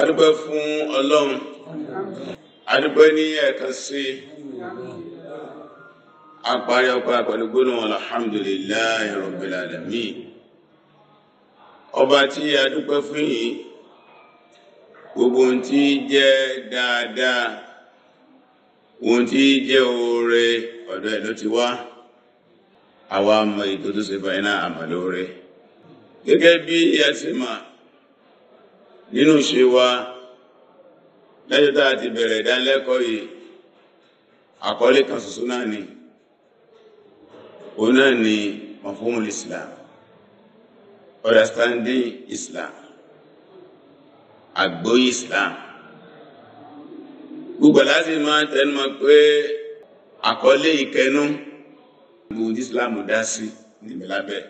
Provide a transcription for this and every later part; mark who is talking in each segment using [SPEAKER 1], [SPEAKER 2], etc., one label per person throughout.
[SPEAKER 1] adúpẹ́ fún ọlọ́run adúpẹ́ ní ẹ̀kan sí àparí ọpá pẹ̀lú gbónà alhamdulillahi rabbil alamin ọba tí adúpẹ́ fún yìí gbogbo ohun tí jẹ́ dáadáa ohun tí jẹ́ oore ọ̀dọ̀ ẹ̀ ló ti wá àwa mọ̀ ètò tó fàyínà àmàlóore gẹ́gẹ́ bí a nínú ṣe wa lẹ́jọ́ tá a ti bẹ̀rẹ̀ ìdánilẹ́kọ̀ọ́ yìí àkọlé kan ṣoṣo náà ni òun náà ni mafhumul Islam understanding Islam àgbóyí Islam gbogbo láti máa tẹnumọ́ pé àkọlé ìkẹnú gbogbo tí Islam dá sí níbi lábẹ́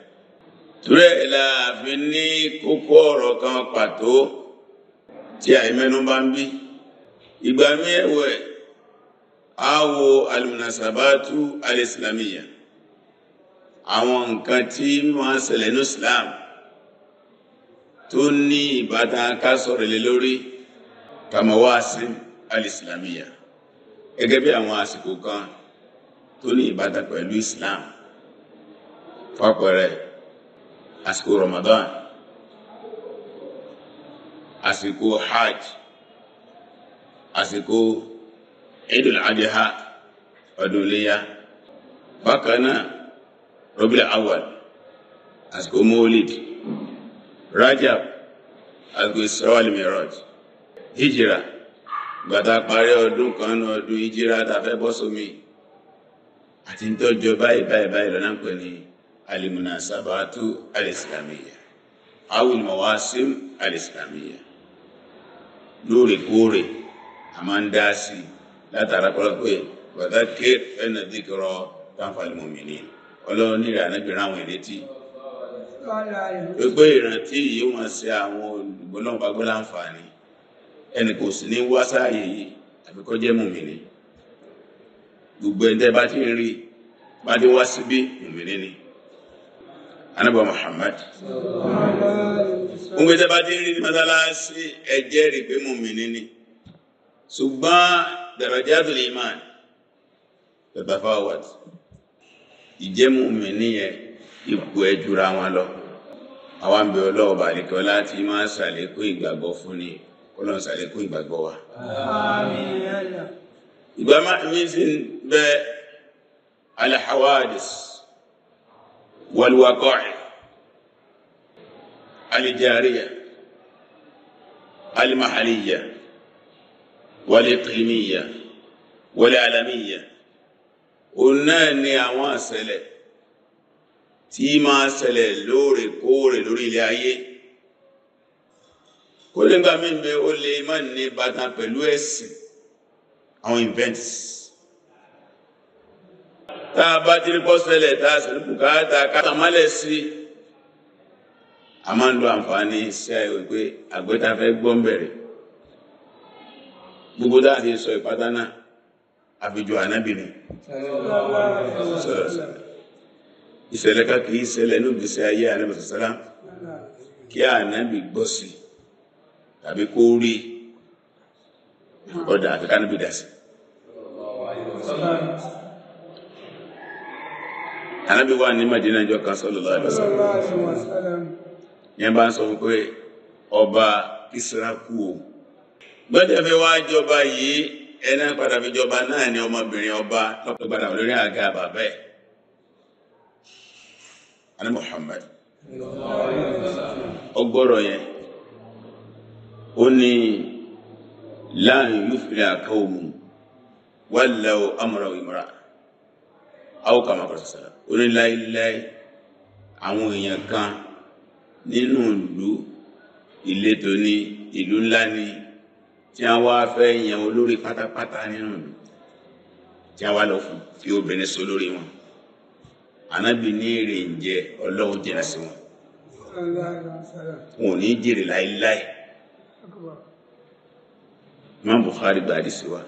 [SPEAKER 1] torí la fi ní kókó ọ̀rọ̀ kan pàtó tí àìmẹ́nu bá ń bí ìgbà mẹ́wẹ̀ àwọ̀ alìmùnàsàbátú alìsìlámìyà àwọn nǹkan tí máa ṣẹlẹ̀ ní Islam tó ní ìbátan ká sọ̀rọ̀ lé lórí kàmọ̀wáṣí alìsìlámìyà gẹ́gẹ́ bí àwọn àsìkò kan tó ní ìbátan pẹ̀lú Islam fọ́pẹ̀rẹ̀ àsìkò Ramadan àsìkò hajj àsìkò idul adha ọdún iléyá bákan náà rọ́bìlà awal àsìkò mọ́lid rajab àsìkò israel miraj hijira gbàtà parí ọdún kan náà ọdún hijira tàfẹ́ bọ́sọ̀mí àti tọ́jọ báyìí báyìí báyìí lọ́nà pẹ̀ ní alimunasabatu alislamiyya awil mawasim alislamiyya lóòrèkóòrè a máa ń dá sí látara pé wàdá ké ẹnà dìkọrọ káfàlùmọ̀ mi ni ọlọ́run ní ìrànlẹ́bìnrin àwọn ìrètí gbogbo ìrántí yìí wọ́n ṣe àwọn olùgbọ́lọ́gbàgbọ́ láǹfààní ẹni kò sí ní wá sáàyè yìí àfi kó jẹ́ mùmìnì gbogbo ẹ̀ńtẹ́ bá ti ń rí bá ti wá síbí mùmìnì ni anabi muhammad ń gbẹ́tẹ́ bá ti rí ní masalasi ẹjẹ́ rí pé mùmínì ni ṣùgbọ́n darajatul iman tẹ̀tàfáwàd ìjẹ́ mùmínì yẹn ipò ẹjúra wọn lọ àwọn àmì ọlọ́ọ̀bà àríkọ́ láti máa ṣàlékún ìgbàgbọ́ fún ni ọlọ́run ṣàlékún ìgbàgbọ́ wa ìgbà máa mi sí bẹ alahawadis والوقائع الجارية المحلية والإقليمية والعالمية òun náà ni àwọn àṣẹlẹ̀ tí máa ṣẹlẹ̀ lóòrèkóòrè lórí ilẹ̀ ayé kó lè gbà mí pé ó lè má ní bàtà pẹ̀lú ẹ̀sìn àwọn events tá a bá ti rí pọ́sẹ̀lẹ̀ tá a sì rí bùkátà kátàmálẹ̀ sí a máa ń lo àǹfààní iṣẹ́ ìwé pé àgbẹ́ta fẹ́ gbọ́n bẹ̀rẹ̀ gbogbo dáa ti sọ ìpátánà àfijọ ànábìnrin ìṣẹ̀lẹ̀ ká kìí ṣẹlẹ̀ ní òbíṣẹ́ ayé ànábìsẹ̀sẹ́lá kí ànábì gbọ́ sí tàbí kó rí ọ̀dà àfikánibìdà sí Thank you. anábì wa ní Madina jọ kan sallallahu alaihi wasallam yẹn ọba Kisra kú o gbọ́dẹ̀ fẹ́ wá jọba jọba ni ọmọbìnrin ọba lọ́pẹ̀gbàdà lórí àga bàbá ẹ̀ ani Muhammad ọgbọ́rọ̀ yẹn ó aw kama kọrọ sara ó ní láéláé àwọn èèyàn kan nínú ìlú ìletò ní ìlú ńlá ni tí a wá fẹ́ yan olórí pátápátá nínú ìlú tí a wá lọ fún fi obìnrin so lórí wọn anábì ní èrè ń jẹ ọlọ́run jìnà sí wọn wọn ò ní jèrè láéláé Imam Bukhari gbàdí sí wa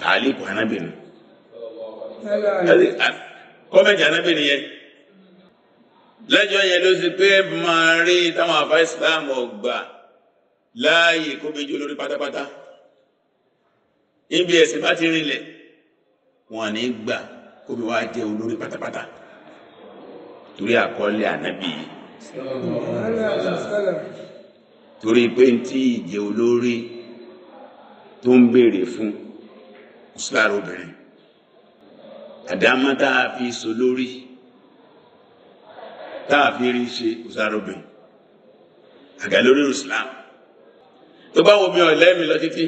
[SPEAKER 1] tààlì kò anábì nù kọ́mẹ̀tì anábìnrin yẹn lẹ́jọ́ yẹn ló sì pé máa rí táwọn àfá Islam ọgbà láàyè kó méjì lórí pátápátá ibi ẹ̀sìn bá ti rinlẹ̀ wọn ní gbà kó bí wá jẹ́ olórí pátápátá torí àkọọ́lẹ̀ ànábì torí pé ń tí ìjẹ olórí tó ń béèrè fún ìsìlára obìnrin àdámá tá a fi so lórí tá a fi rí ṣe òsàrògbìn àgà lórí Islam tó bá wo mi ọ̀ lẹ́mìí lọ títí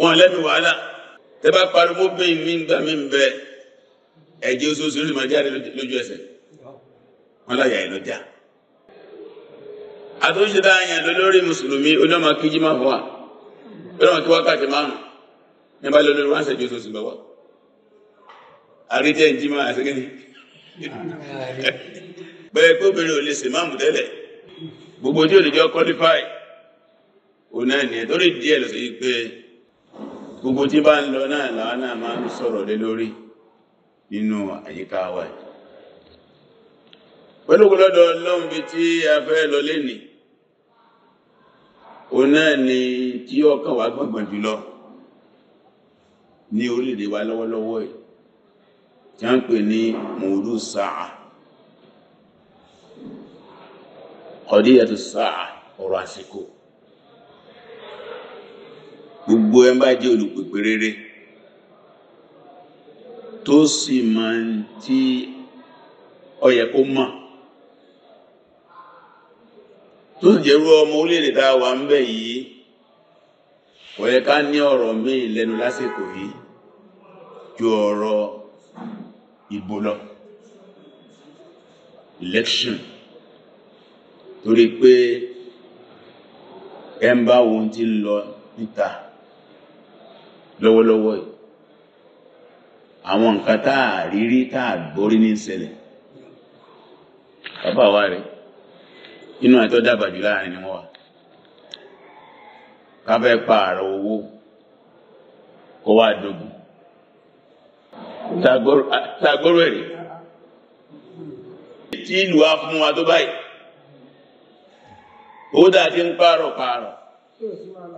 [SPEAKER 1] wọn lẹ́mìí wàhálà tẹ bá pariwo bí mi ń gbà mí ń bẹ ẹ̀jẹ̀ oṣooṣù ló sì máa jáde lójú ẹsẹ̀ wọn láyà ẹ̀ lọ́jà àtúnṣe tá a yàn lórí mùsùlùmí onímọ̀ kí jí máa fọ́ wa lọ́nà kí wákàtí márùn-ún ní bá lórí ránṣẹ́ ju oṣooṣù bẹ̀ àríjẹ́ ìjímọ̀ àti gíní bẹ́ẹ̀ pé obìnrin ò lè ṣe máàmù tẹ́lẹ̀ gbogbo tí ò lè jọ qualify ò náà ní ẹ̀tọ́rí díẹ̀ lọ sí pé gbogbo tí bá ń lọ náà làwọn náà máa ń sọ̀rọ̀ lé lórí nínú àyíká wa pẹ̀lú lọ́dọ̀ ọlọ́run bí tí a fẹ́ lọ lénìí ò náà ni tí ọkàn wa gbọ̀ngbọ̀n jùlọ ní orílẹ̀-èdè wa lọ́wọ́lọ́wọ́ yìí tí a ń pè ní mòlú sáà ọdíyàtò sáà ọ̀rọ̀ àsìkò gbogbo ẹ bá jẹ́ olùpèpè rere tó sì máa ń tí ó yẹ kó mọ̀ tó sì jẹ́rú ọmọ orílẹ̀-èdè tá a wà ń bẹ̀ yìí kò ká ní ọ̀rọ̀ míì lẹ́nu lásìkò yìí ju ọ̀rọ̀ ìbò election torí pé ẹ ń bá ohun tí ń lọ níta lọ́wọ́lọ́wọ́ yìí àwọn nǹkan táà rírí táà gbọ́rí ní ìṣẹ̀lẹ̀ bàbá wa rẹ̀ inú àtọ́ dàgbà jù láàrin ni wọ́n wà kábẹ́ pààrọ̀ owó kó wá dogun tàgbọ́rọ̀ ẹ̀rí tí ìlú wa fún wa tó báyìí ó dáa ti ń pààrọ̀ pààrọ̀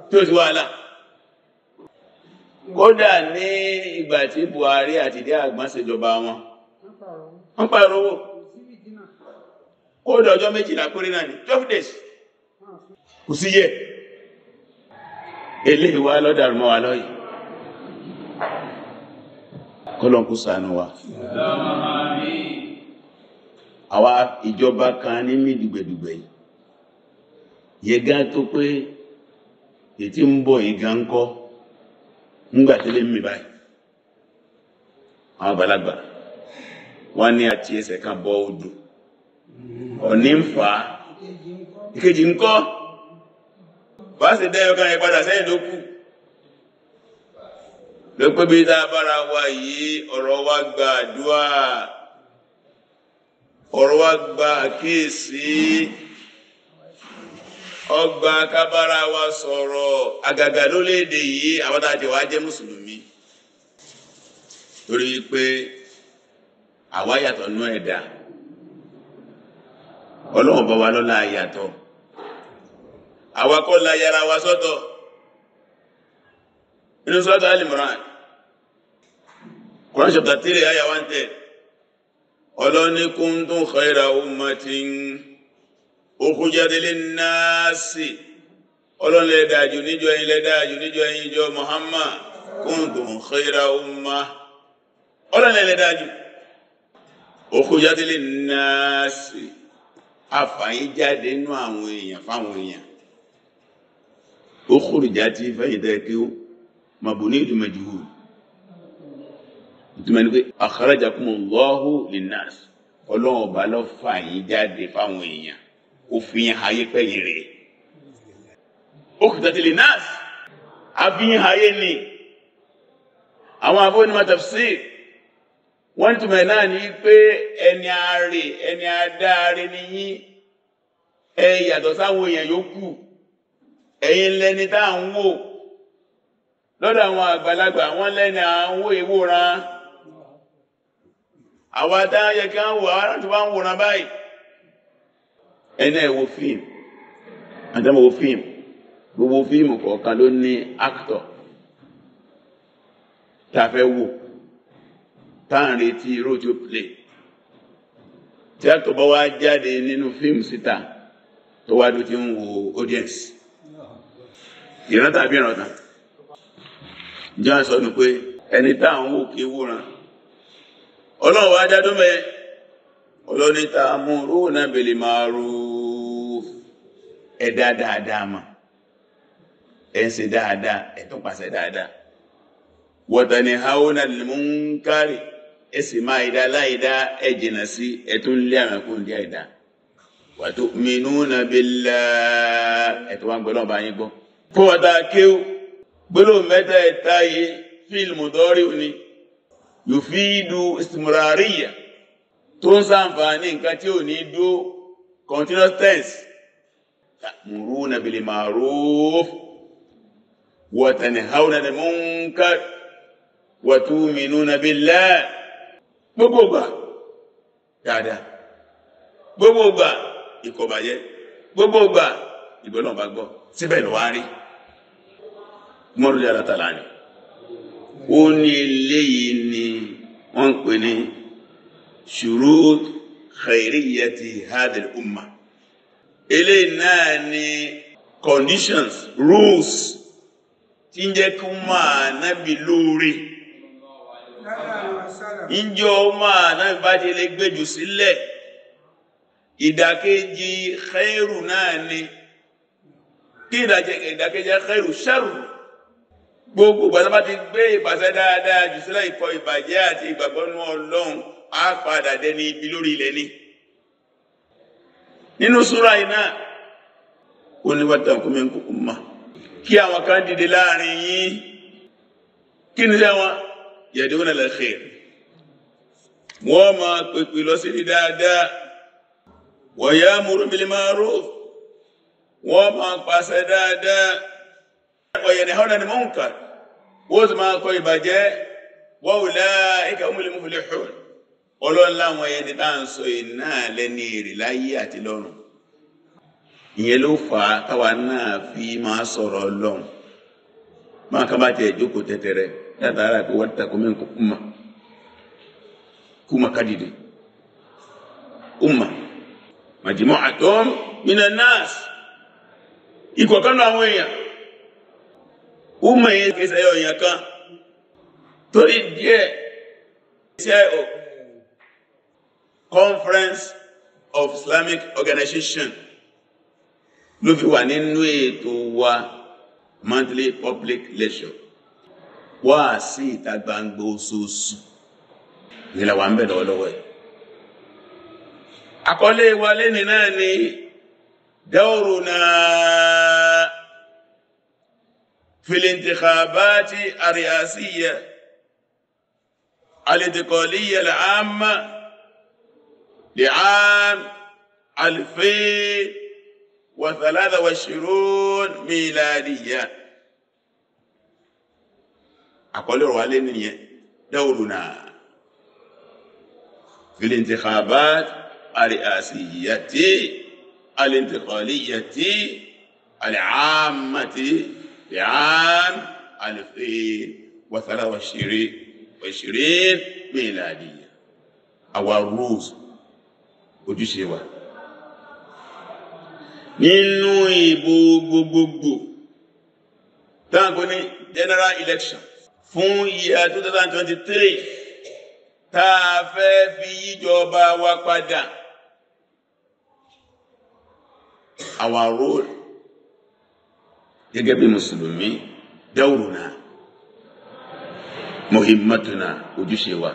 [SPEAKER 1] tí ó sì wàhálà kódà ní ìgbà tí Buhari àti dé àgbọ́nṣèjọba wọn wọ́n pààrọ̀ owó kódà ọjọ́ méjìlá péré náà ni 12 days kò sí yẹ eléyìí wá lọ́dàrúmọ́ lọ́yìí kọ́lọ̀ kó ṣàánú wa àwa ìjọba kan ní mí dùgbẹ̀dùgbẹ̀ yẹgá tó pé ètí ń bọ̀ ìgá ń kọ́ ńgbàtẹ́lẹ̀ mi báyìí àwọn àgbàlagbà wọ́n ní àti ẹsẹ̀ kan bọ́ odò ọ̀ní ń fà á ìkejì ń kọ́ bá sì dẹ́yọ kan padà sẹ́yìn ló kù lópẹ́ bí dábára wa yìí ọ̀rọ̀ wa gba àdúà ọ̀rọ̀ wa gba àkíyèsí ọgbà kábára wa sọ̀rọ̀ àgàgà lólédè yìí àwọn mùsùlùmí pé àwa yàtọ̀ nú ẹ̀dá ọlọ́run bá wa lọ́la yàtọ̀ àwa kọ́ la yàrá wa sọ́tọ̀ inú Quran chapter three ayah one ten ọlọ́ni kuntum khayra ummatin ukhrijat linnasi ọlọ́ni lẹ́dájú níjọ ẹ̀yin lẹ́dájú níjọ ẹ̀yin ìjọ Muhammad kuntum khayra ummah ọlọ́ni lẹ́dájú ukhrijat linnasi àfàyín jáde nú àwọn èèyàn fáwọn èèyàn ukhrijat fẹ́yìntẹ́ kí ó mabuni majhul tuma ni pé akhrajakumullahu linnas ọlọ́run ọba ló fà yín jáde fáwọn èèyàn kò fi yín ayé pẹ́ yìí rèé ukhdat linnas àfihàn ayé ni àwọn abóyinmọ̀ tafsir wọ́n tún mẹ́ náà ní pé ẹni ààrẹ ẹni àdáàrẹ ni yín ẹ yàtọ̀ sáwọn èèyàn yòókù ẹ̀yin lẹni tá à ń wò lọ́dọ̀ àwọn àgbàlagbà wọ́n lẹ́ni à ń wò ìwòran àwọn adáyẹ kí wọ́n wò ara tó bá ń wòrán báyìí ẹni ẹ̀wò fíìmù àtẹ́mọ̀wò fíìmù gbogbo fíìmù kọ̀ọ̀kan ló ní actor tàfẹ́ wò táà ń retí irú tí ó play tí actor bá wá jáde nínú fíìmù síta tó wá dó tí ń wo audience ìrántà bí ìrántà jẹ́ àṣọ́nù pé ẹni táà ń wò kí wòrán ọlọ́run wá dá dúnmẹ́ ọlọ́ni ta'muruna bil ma'ruf ẹ̀dá dáadáa mà ẹ̀ ń ṣe dáadáa ẹ̀ tún pàṣẹ dáadáa wa tanhauna 'anil munkari ẹ̀ sì máa ìdá láìdá ẹ̀ jìnà sí ẹ̀ tún lé àwọn ẹ̀kún díẹ̀ ìdá wa tu'minuna billah ẹ̀ tó yòfíìdù istimurariya tó ń ṣàǹfààní nǹkan tí ò ní dó continuous tense ta'muruna bil ma'ruf wa tanhauna 'anil munkar wa tu'minuna billah gbogbo gbà dáadáa gbogbo gbà ìkọ̀bàjẹ́ ìgbọ́nà bá gbọ́ síbẹ̀ lọ́wárí mọ́rúlẹ̀ alátàlá ni ó ní eléyìí ni wọ́n ń pè ní shurut khairiyyati hadil umma eléyìí náà ni conditions rules tí ń jẹ́ kí máa nábi lóore ìjọ máa nábi bá ti lè gbéjù sílẹ̀ ìdàkejì khairu náà ni kí ìdàkejì khairu sharru gbogbo gbàtà bá ti gbé ìpàṣẹ dáadáa jù sílẹ̀ ìkọ ìbàjẹ́ àti ìgbàgbọ́ nú ọlọ́run á padà dẹni ibi lórí ilẹ̀ ni nínú súra iná ó ní wàtà kúmí kúkú mọ́ kí àwọn kan dìde láàrin yín kí ni sẹ́wọ̀n yẹ̀dẹ́ wọn lè xè wọ́n máa pèpè lọ sí dáadáa wọ́n yá múrú bìlì máa wọ́n máa pàṣẹ dáadáa. وينهون عن المنكر wọ́n sì máa kọ ìbàjẹ́ wa ulaika humul muflihun ọlọ́run láwọn ẹni tá ń sọ iná lẹ́ni èrè láyé àti lọ́run ìyẹn ló fà á táwa náà fi máa sọ̀rọ̀ lọ́run máa ká bá tiẹ̀ jókòó tẹ́tẹ́rẹ́ látara pé wọ́n takò mí nǹkan kúmà kúmà kádìdì umma majmu'atun minan nas ìkọ̀kánú àwọn èèyàn Umma yẹn kìí sẹ́yọ̀ yẹn kan torí díẹ̀ iṣẹ́ Conference of Islamic Organization ló fi wà nínú ètò wa monthly public lecture wá sí ìta gbangba oṣooṣù ìlà wà ń bẹ̀rẹ̀ ọlọ́wọ́ ẹ̀ àkọlé wa lẹ́ni náà ni dẹ́ọ̀rùn náà في الانتخابات الرئاسية الانتقالية العامة لعام 2023 ميلادية أقول روالين دورنا في الانتخابات الرئاسية الانتقالية العامة بعام ألف وثلاثة وعشرين وعشرين ميلادية أو الروز ojúṣe wa nínú ìbò gbogbogbò táàkó ní general election fún year 2023 táà fẹ́ fi yíjọba wa padà our role gẹ́gẹ́ bí mùsùlùmí dawruna muhimmatuna ojúṣe wa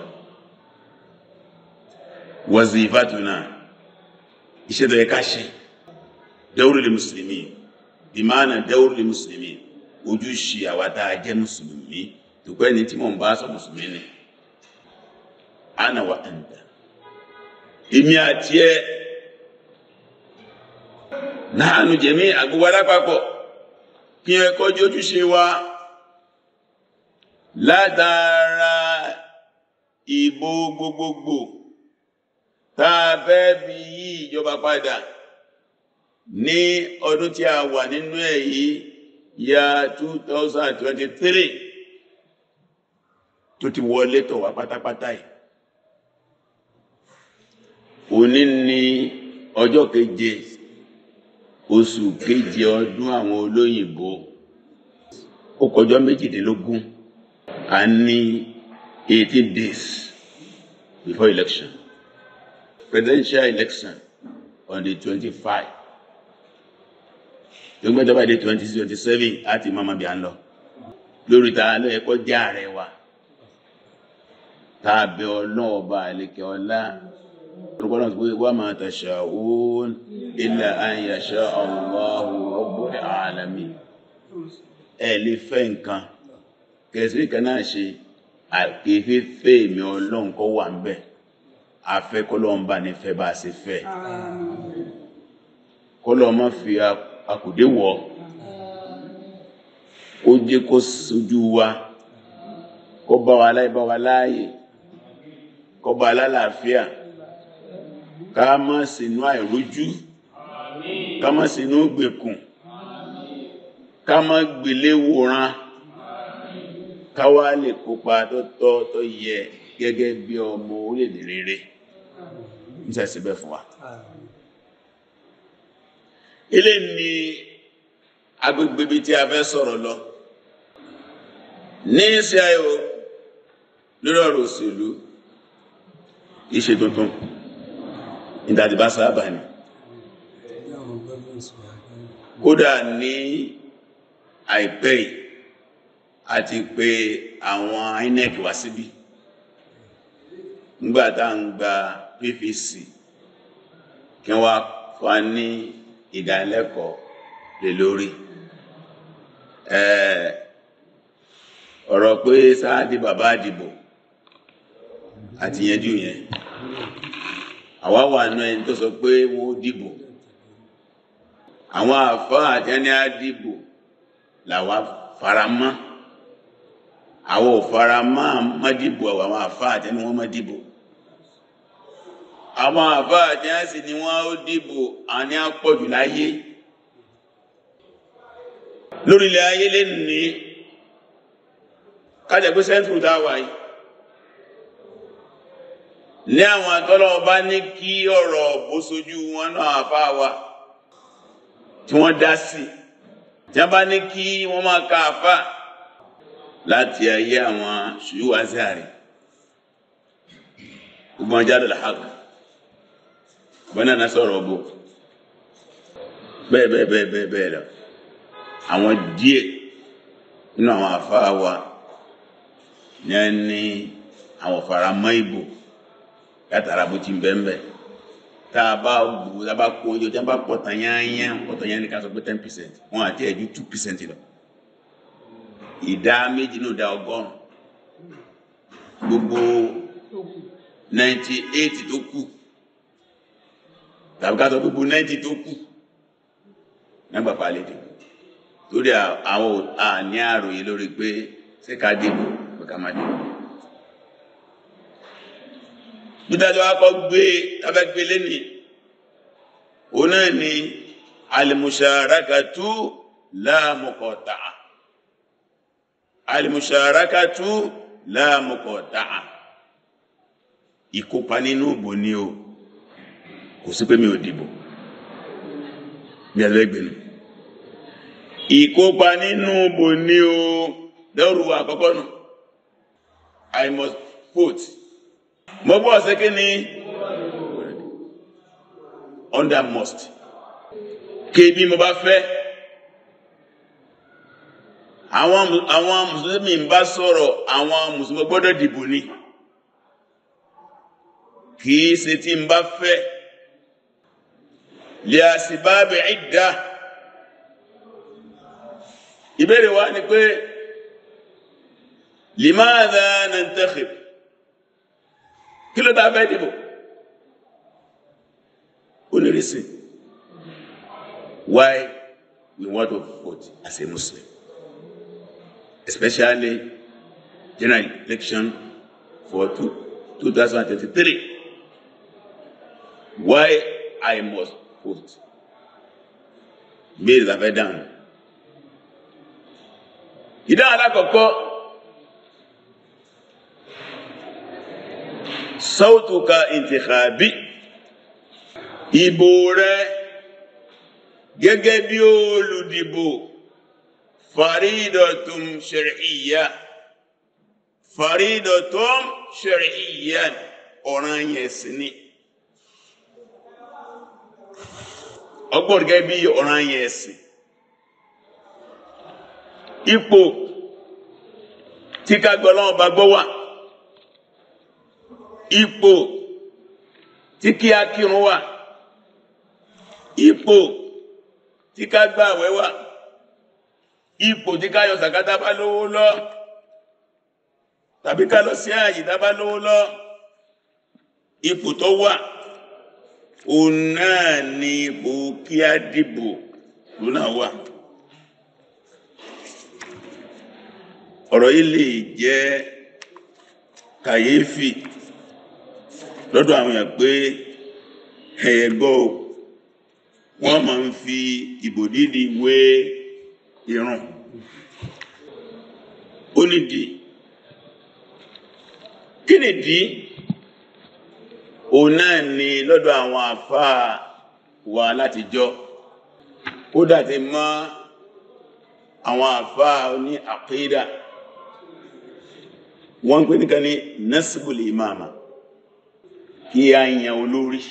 [SPEAKER 1] wazifatuna iṣẹ́ tó yẹ ká ṣe dawrul mùsùlùmí ìmáàna dawrul mùsùlùmí ojúṣe àwa tá a jẹ́ mùsùlùmí tó pẹ́ ní tí mò ń bá sọ mùsùlùmí ni ana wa anta èmi àti ẹ náà nu jẹ̀mí àgbowó kí ẹ kọjú ojúṣe wa látara ìbò gbogbogbò tá a fẹ́ bí yí ìjọba padà ní ọdún tí a wà nínú ẹ̀ ya 2023 tó ti wọlé tọ̀ wá pátápátá yìí òní ni ọjọ́ keje oṣù keje ọdún àwọn olóyìnbó ó kọjọ́ méjìdínlógún a ní eighteen days before election presidential election on the twenty-five tó ń gbẹ́jọba ìdí twenty six twenty seven láti mọ́mọ́ bí a ń lọ lórí ta ló yẹ kó jẹ́ ààrẹ wa tá a bẹ ọlá rukọ́nà tó wá máa tàṣà òun ilẹ̀ àyàṣà Allahu Rabbul alamin ẹ lè fẹ́ nǹkan kẹsì nǹkan náà ṣe àkèfé fẹ́ èmi ọlọ́run kọ́ wà ń bẹ̀ afẹ́ kọ́lọ́run bá ní fẹ́ bá fi akùdé wọ̀ ó jẹ́ kó sojú wa kó bá wa láyé bá wa láyé kó bá alálàáfíà. La ká má sínú àìrójú ká má sínú gbèkùn ká má gbèléwòran ká wá lè kópa tọ́tọ́ tó yẹ gẹ́gẹ́ bí ọmọ orílẹ̀-èdè rere nísẹ̀síbẹ̀ fún wa ilé ni agbègbè bí tí a fẹ́ sọ̀rọ̀ lọ ní sí ayò lórí ọ̀rọ̀ òṣèlú ìṣe tuntun ìdàdì bá sábà ní kódà ní àìpẹ́ yìí a ti pe àwọn INEC wá síbí nígbàtà ń gba PVC kí wá fà ní ìdánilẹ́kọ̀ọ́ lè lórí ọ̀rọ̀ pé sáà di bàbá àdìbò àti yẹn jù yẹn àwa wà nù ẹni tó sọ pé wọ́n dìbò àwọn àfáà àti ẹni á dìbò làwa faramọ́ àwọn ò faramọ́ má dìbò àwọn àfáà àti ẹni wọ́n má dìbò àwọn àfáà àti ẹni sì ni wọ́n ó dìbò àní àpọ̀jù láyé lórílẹ̀ ayé lẹ́nu ní kájẹ̀ pé sẹ́ńtúrù táwà yìí ní àwọn àtọ́lọ́ bá ní kí ọ̀rọ̀ bó sojú wọn náà fà wá tí wọ́n dá sí tí wọ́n bá ní kí wọ́n máa ka àfà láti ayé àwọn ṣùgbọ́n azari gbogbo ọjà dàda hàk bọ́nà náà sọ̀rọ̀ bò bẹ́ẹ̀ bẹ́ẹ̀ bẹ́ẹ̀ bẹ́ẹ̀ bẹ́ẹ̀ lọ àwọn díẹ̀ nínú àwọn àfà wa ní àwọn faramọ́ ìbò látara bó ti ń bẹ́ẹ̀ tá a bá bu tá a bá kó oúnjẹ tí wọ́n bá pọ̀ tán yányá ọ̀tọ̀ yẹn ni ká sọ pé ten percent wọn àti ẹ̀jú two percent lọ ìdá méjì ní ìdá ọgọ́rùn-ún gbogbo ninety eight tó kù tàbí ká sọ gbogbo ninety tó kù nígbà pa àlejò lórí àwọn àní àròyé lórí pé ṣé ká dìbò pé ká má dìbò gbídájọ́ akọ gbé tàbẹ́gbé lẹ́ni òun náà ni alìmùsàrákàtú láàmùkọ̀tà alìmùsàrákàtú láàmùkọ̀tà ìkópa nínú ìbò ni o kò sí pé mi ò dìbò gbẹ̀lú ẹgbẹ̀lú ìkópa nínú ìbò ni o dẹ́rù àkọ́kọ́ nù I must vote mo bú ọ̀sẹ̀ kí ni under must kí bí mo bá fẹ́ àwọn àwọn mùsùlùmí ń bá sọ̀rọ̀ àwọn mùsùlùmí gbọ́dọ̀ dìbò ni kì í ṣe tí ń bá fẹ́ lè àṣìbábẹ̀ ìbéèrè wa ni pé limadha nantakhib kí ló dá fẹ́ dìbò ó why we want to vote as a Muslim especially general election for two, two thousand twenty-three. why I must vote You ìlàfẹ́ dáhùn ìdáhùn alákọ̀ọ́kọ́ sawtuka intikhabi ìbò rẹ gẹ́gẹ́ bí olùdìbò faridatun shar'iyya faridatun shar'iyya ọ̀ràn yẹn sí ni ọgbọ̀n gẹ́gẹ́ bí ọ̀ràn yẹn sí ipò tí ká gbọ́ bá gbọ́ wà ipò tí kí a kírun wà ipò tí ká gba àwẹ̀ wà ipò tí ká yọ sàkátà bá lówó lọ tàbí ká lọ sí ààyè dábá lówó lọ ipò tó wà òun náà ni ipò kí a dìbò ló wà ọ̀rọ̀ yìí lè jẹ́ kàyéfì lọ́dọ̀ àwọn èèyàn pé ẹ̀yẹ̀ gbọ́ wọ́n máa ń fi ìbòdídì wé ìrun ó nídìí kí nìdí òun náà ni lọ́dọ̀ àwọn àfáà wa látijọ́ kódà ti mọ́ àwọn àfáà ní àkídà wọ́n pè nìkan ní nasibul imama kí a yan olórí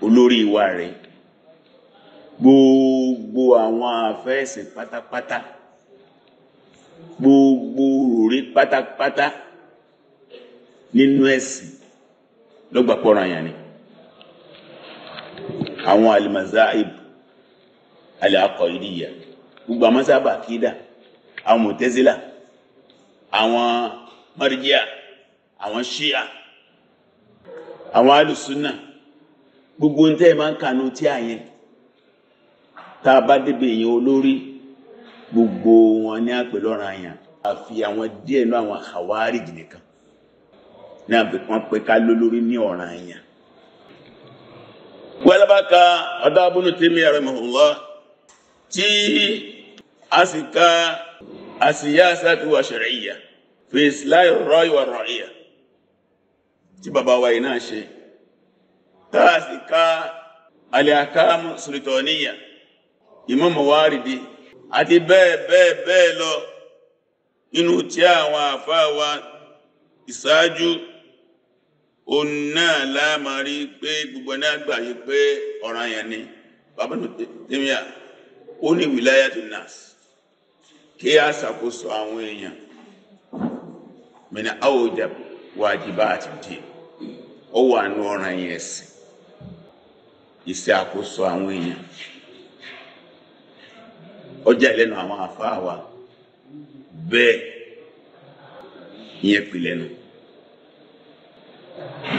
[SPEAKER 1] olórí wa rẹ gbogbo àwọn àfẹ́ẹ̀sìn pátápátá gbogbo òrí pátápátá nínú ẹ̀sìn lọ́gbàpọ̀rọ̀ àyàn ni àwọn alìmọ̀záìb alìakọ̀ ìdíyà gbogbo àmọ́sábà kídà àwọn mọ̀tẹ́sílà àwọn mọ́ríjíà àwọn ṣíà àwọn alùsùnà gbogbo ń tẹ́ ma ń kànú tí a yẹn tá bá débè èyàn olórí gbogbo wọn ní àpè lọ́rọ̀ àyàn àfi àwọn díẹ̀ ní àwọn àwárí nìkan ní àpè kan ká lólórí ní ọ̀ràn àyàn wẹ́lábàkà ọ̀dọ́ abúnú tèmi ẹ̀rọ ìmọ̀lá tí a sì ka àsìyá sáà tí wà ṣẹ̀rẹ̀ ìyà rọ́ ìwà rọ̀ ìyà tí bàbá wa iná ṣe táà sì ká alìakáàmù sultaniya Imam Waridi àti bẹ́ẹ̀ bẹ́ẹ̀ bẹ́ẹ̀ lọ inú tí àwọn àfáà wa ìsáájú òun náà láàmà rí pé gbogbo náà gbàyí pé ọ̀ràn yẹn ni bàbá tèmíà ó ní wilayatun nas kí a ṣàkóso àwọn èèyàn mẹ́ni àwòjẹ́ wàjìbá àti dìí ọ wà anụ ọrụ anyị ẹsị isi akwụsọ anwụinya ọ jẹ na awon afọ awa bee inyepi lenu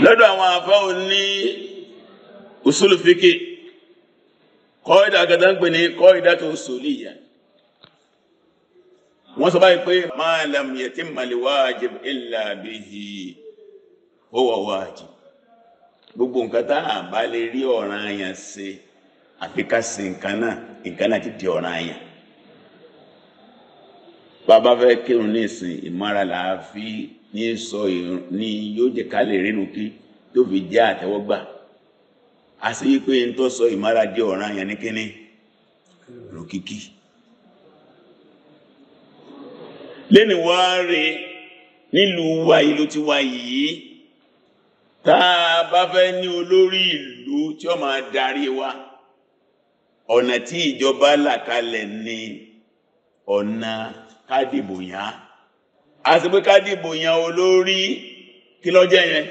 [SPEAKER 1] lọ́dụ awon afọ ọ ní usulifike kọida agada mgbe na-ekọida ta usuli ya wọ́n sọ baa ikpe maala m ya ti maliwa aji ilabeghi gbogbo nǹkan tá a bá lè rí ọ̀ràn àyàn se àfi ká ṣe nǹkan náà nǹkan náà ti di fẹ́ kírun ní ìsìn fi ní sọ ní yóò jẹ́ ká lè rínu kí fi jẹ́ àtẹ́wọ́gbà. a sì yí pé n tó sọ di ọ̀ràn àyàn ní lẹ́nu wá nílùú wa ìlú tá a bá fẹ́ ní olórí ìlú tí ó máa darí wa ọ̀nà tí ìjọba là kalẹ̀ ni ọ̀nà kádìbòyàn a sì pé kádìbòyàn olórí kí ló jẹ́ yẹn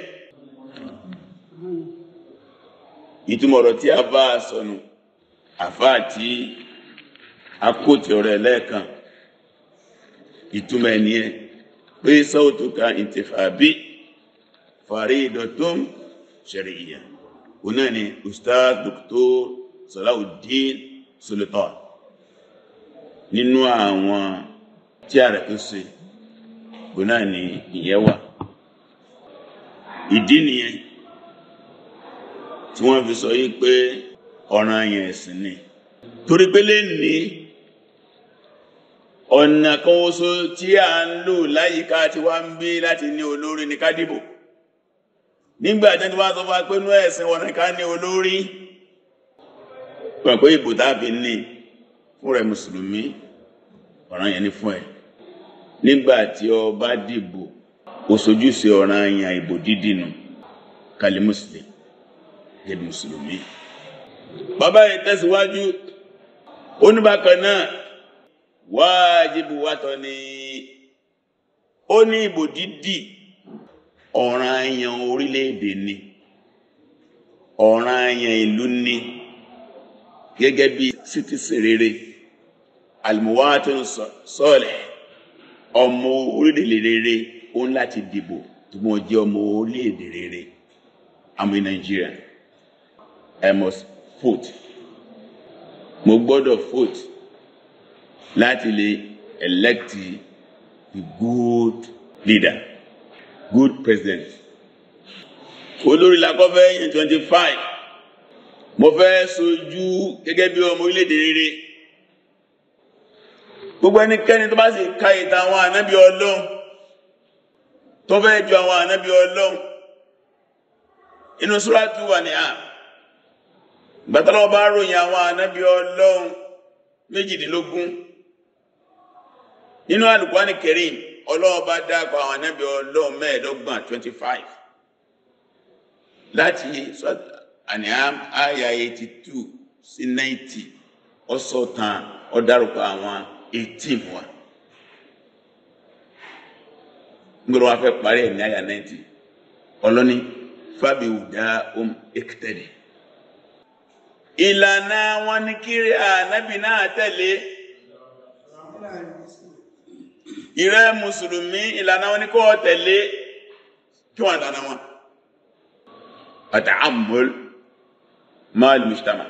[SPEAKER 1] ìtumọ̀ tí a bá sọnù àfáà tí a kò tí ọ̀rẹ́ lẹ́ẹ̀kan ìtumọ̀ ẹ̀ nìyẹn pé sọ́ọ̀tù ka ìtìfà bíi faridatun shar'iyya òun náà ni ustaz dr Salahuddin Sultan nínú àwọn tí a rẹ̀ tó ṣe òun náà ni ìyẹn wà ìdí nìyẹn tí wọ́n fi sọ yí pé ọ̀ràn yẹn ẹ̀sìn ni torí pé lè ní ọ̀nà kan oṣù tí a ń lò láyìíká tí wá ń bí láti ní olórí ní kádìbò nígbà tẹ́tí wá sọ fún wa pé inú ẹ̀sìn wọn ká ní olórí pẹ̀pẹ́ ìbò tàbí ní fún rẹ̀ mùsùlùmí ọ̀ràn yẹn ni fún ẹ̀ nígbà tí o bá dìbò ó sojúṣe ọ̀ràn yẹn ìbò dídìnù kálí mùsùlùmí gẹ́gẹ́ mùsùlùmí bàbá yìí tẹ̀síwájú oníbàkan náà wájibu wátọ ni ó ní ìbò dídì ọ̀ràn ayan orílẹ̀-èdè ni ọ̀ràn ayan ìlú ni gẹ́gẹ́ bí sítìsì rere almuwatun sọ́ọ̀lẹ̀ ọmọ orílẹ̀-èdè rere ó ń láti dìbò tó mọ̀ jẹ́ ọmọ orílẹ̀-èdè rere àmì Nàìjíríà I must vote mo gbọ́dọ̀ vote láti lè elect the good leader. good president olórí la kọ́ fẹ́ yẹn twenty five mo fẹ́ sojú gẹ́gẹ́ bí ọmọ orílẹ̀-èdè rere gbogbo ẹnikẹ́ni tó bá sì ka ìta àwọn ànábì ọlọ́run tó fẹ́ ju àwọn ànábì ọlọ́run inú súrátù wà ní à bá ròyìn àwọn ànábì méjìdínlógún nínú ọlọ́run bá dákọ̀ àwọn ànábì ọlọ́run twenty láti àníhàm àyà eighty two sí 90 ọ̀sọ̀tàn ọdárùkọ àwọn eighteen wa gbọ́dọ̀ wá fẹ́ parí ẹ̀mí àyà ninety ọlọ́ni fábí ìdá om um ìlànà wọn ni náà tẹ̀lé. ìrẹ́ mùsùlùmí ìlànà wọn ni kó tẹ̀lé kí wọ́n dáná wọn àtàmùl máàlì mùsùtàmà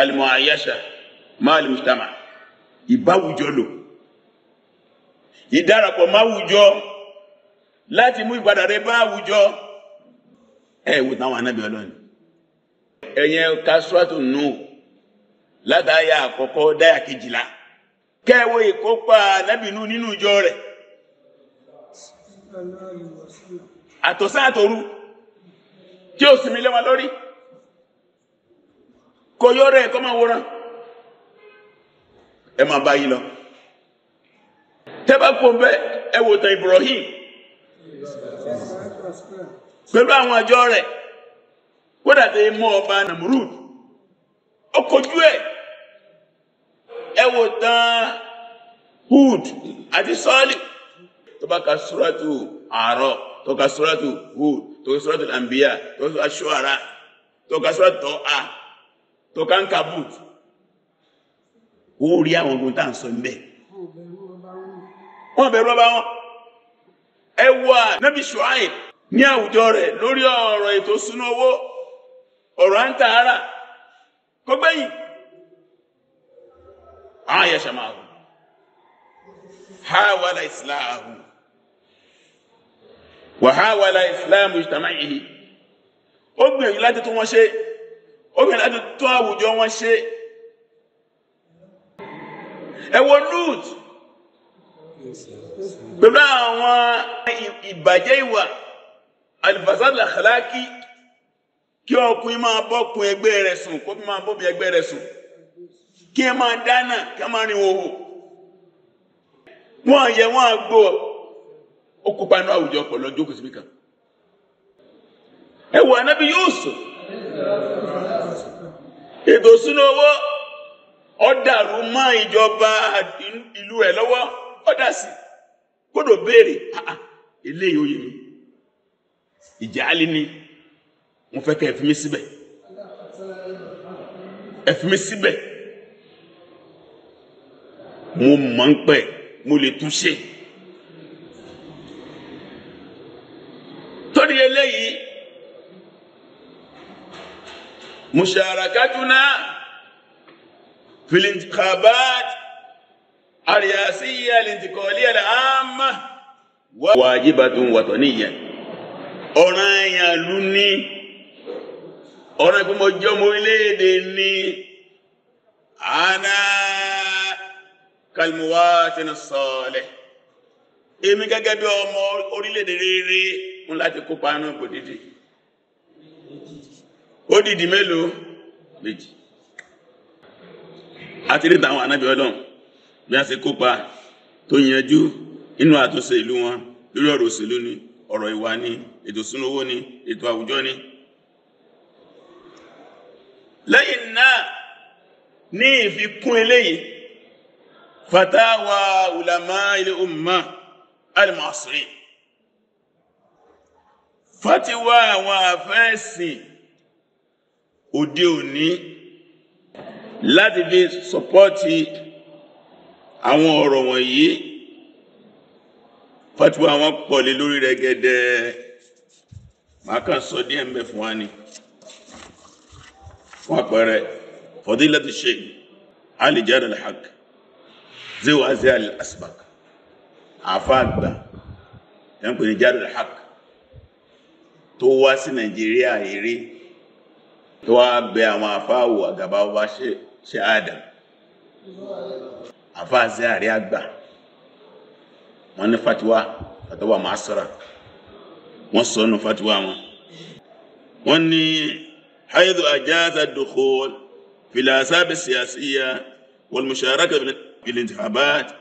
[SPEAKER 1] alìmọ̀ àyẹ́ṣà máàlì mùsùtàmà ìbáwùjọ lò ìdárapọ̀ máwùjọ láti mú ìpadà rẹ bá àwùjọ ẹ̀wù táwọn anábì ọlọ́ni ẹ̀yẹn kásúrátù nù látàáyà àkọ́kọ́ dáyà kejìlá kẹwo ìkópa nábìnú nínú ìjọ rẹ̀ àtọ̀sán àtòru tí ó sinmi lé wọn lórí kò yọ rẹ̀ kọ́ máa wòran ẹ máa bá yí lọ tẹ́bà kò bẹ́ ẹ wò Ibrahim pẹ̀lú àwọn àjọ rẹ̀ kódà tẹ́ mọ́ ọba Namrud ó kojú ẹ̀ ẹ wò tán Hud àti sọ́ọ̀lì tó bá ka suratu àárọ̀ tó ka suratu Hud tó ka suratu Anbiya tó ka aṣọ́ara tó ka suratu a, tó ka ń kabut ó rí àwọn ogun tá à ń sọ ń bẹ́ẹ̀ wọ́n bẹ̀rù ọba wọn ẹ wà nábì Ṣuaib ní àwùjọ rẹ̀ lórí ọ̀rọ̀ ètò súná owó ọ̀rọ̀ à ń tààrà kọ́gbẹ́yìn عايش معهم حاول إصلاحه وحاول إسلام مجتمعه ó gbìyànjú láti tún wọn ṣe ó gbìyànjú láti tún àwùjọ wọn ṣe ẹ wo Lut pẹ̀lú àwọn ìbàjẹ́ ìwà alifasad lakhlaki kí ọkùnrin máa bọ́kùn ẹgbẹ́ rẹ̀ sùn kó bí máa bọ́bí ẹgbẹ́ rẹ̀ sùn kí ẹ máa dáná kí ẹ máa rìn òhò wọ́n yẹ wọ́n àgbò ó kópa inú àwùjọ pẹ̀lú ọjọ́ kòsìbí kan ẹ wọ anábì Yusuf ètò ìṣúná owó ọ̀dàrú mọ́ ìjọba ìlú ẹ̀ lọ́wọ́ ọ̀dà sí kódò béèrè ah, ah, eléyìí oyè mi ìjà alẹ́ ni mo fẹ́ kẹ́ ẹ fi mí síbẹ̀ ẹ fi mí síbẹ̀ mo mọ̀ ń pẹ̀ mo lè tún ṣe. torí eléyìí musharakatuna fil intikhabat ariyasiya lintikọliya al'amma wajibatun wataniya ọ̀ràn ẹ̀yàn lú ní ọ̀ràn ìpínmọ̀jọ́ mọ́ orílẹ̀-èdè ní àná kalmuwatin salih èmi gẹ́gẹ́ bí ọmọ orílẹ̀-èdè rere mú láti kópa inú gbòdìdì ó dìdì mélòó méjì àti rí tàwọn ànábì ọlọ́run bí a ṣe kópa tó yanjú inú àtúnṣe ìlú wọn lórí ọ̀rọ̀ òṣèlú ni ọ̀rọ̀ ìwà ni ètò súnówó ni ètò àwùjọ ni lẹ́yìn náà ní ìfikún eléyìí fatawa ulama ilẹ̀ umma alimasiri fatiwa àwọn afẹ́sìn òde òní láti fi sọpọ́tì àwọn ọ̀rọ̀ wọ̀nyí fatiwa àwọn pọ̀lẹ̀ lórí rẹ̀ gẹ́dẹ́ máa kàn sọ díẹ̀ ń bẹ fún wa ni fún àpẹẹrẹ fadilatu sheikh Ali Jad al-Haq zai wa zai al-asbak àfáàgbà ẹ̀ ń pè ní jádùl haq tó wá sí nàìjíríà eré tó wá bẹ àwọn àfáàwò àgàbà wa ṣe adam àfáà zai àrí àgbà wọ́n ní fatiwa àtọwà masara wọ́n sọ nù fatiwa wọn wọ́n ní haythu ajaza ad-dukhul fi al wal-musharaka بالانتخابات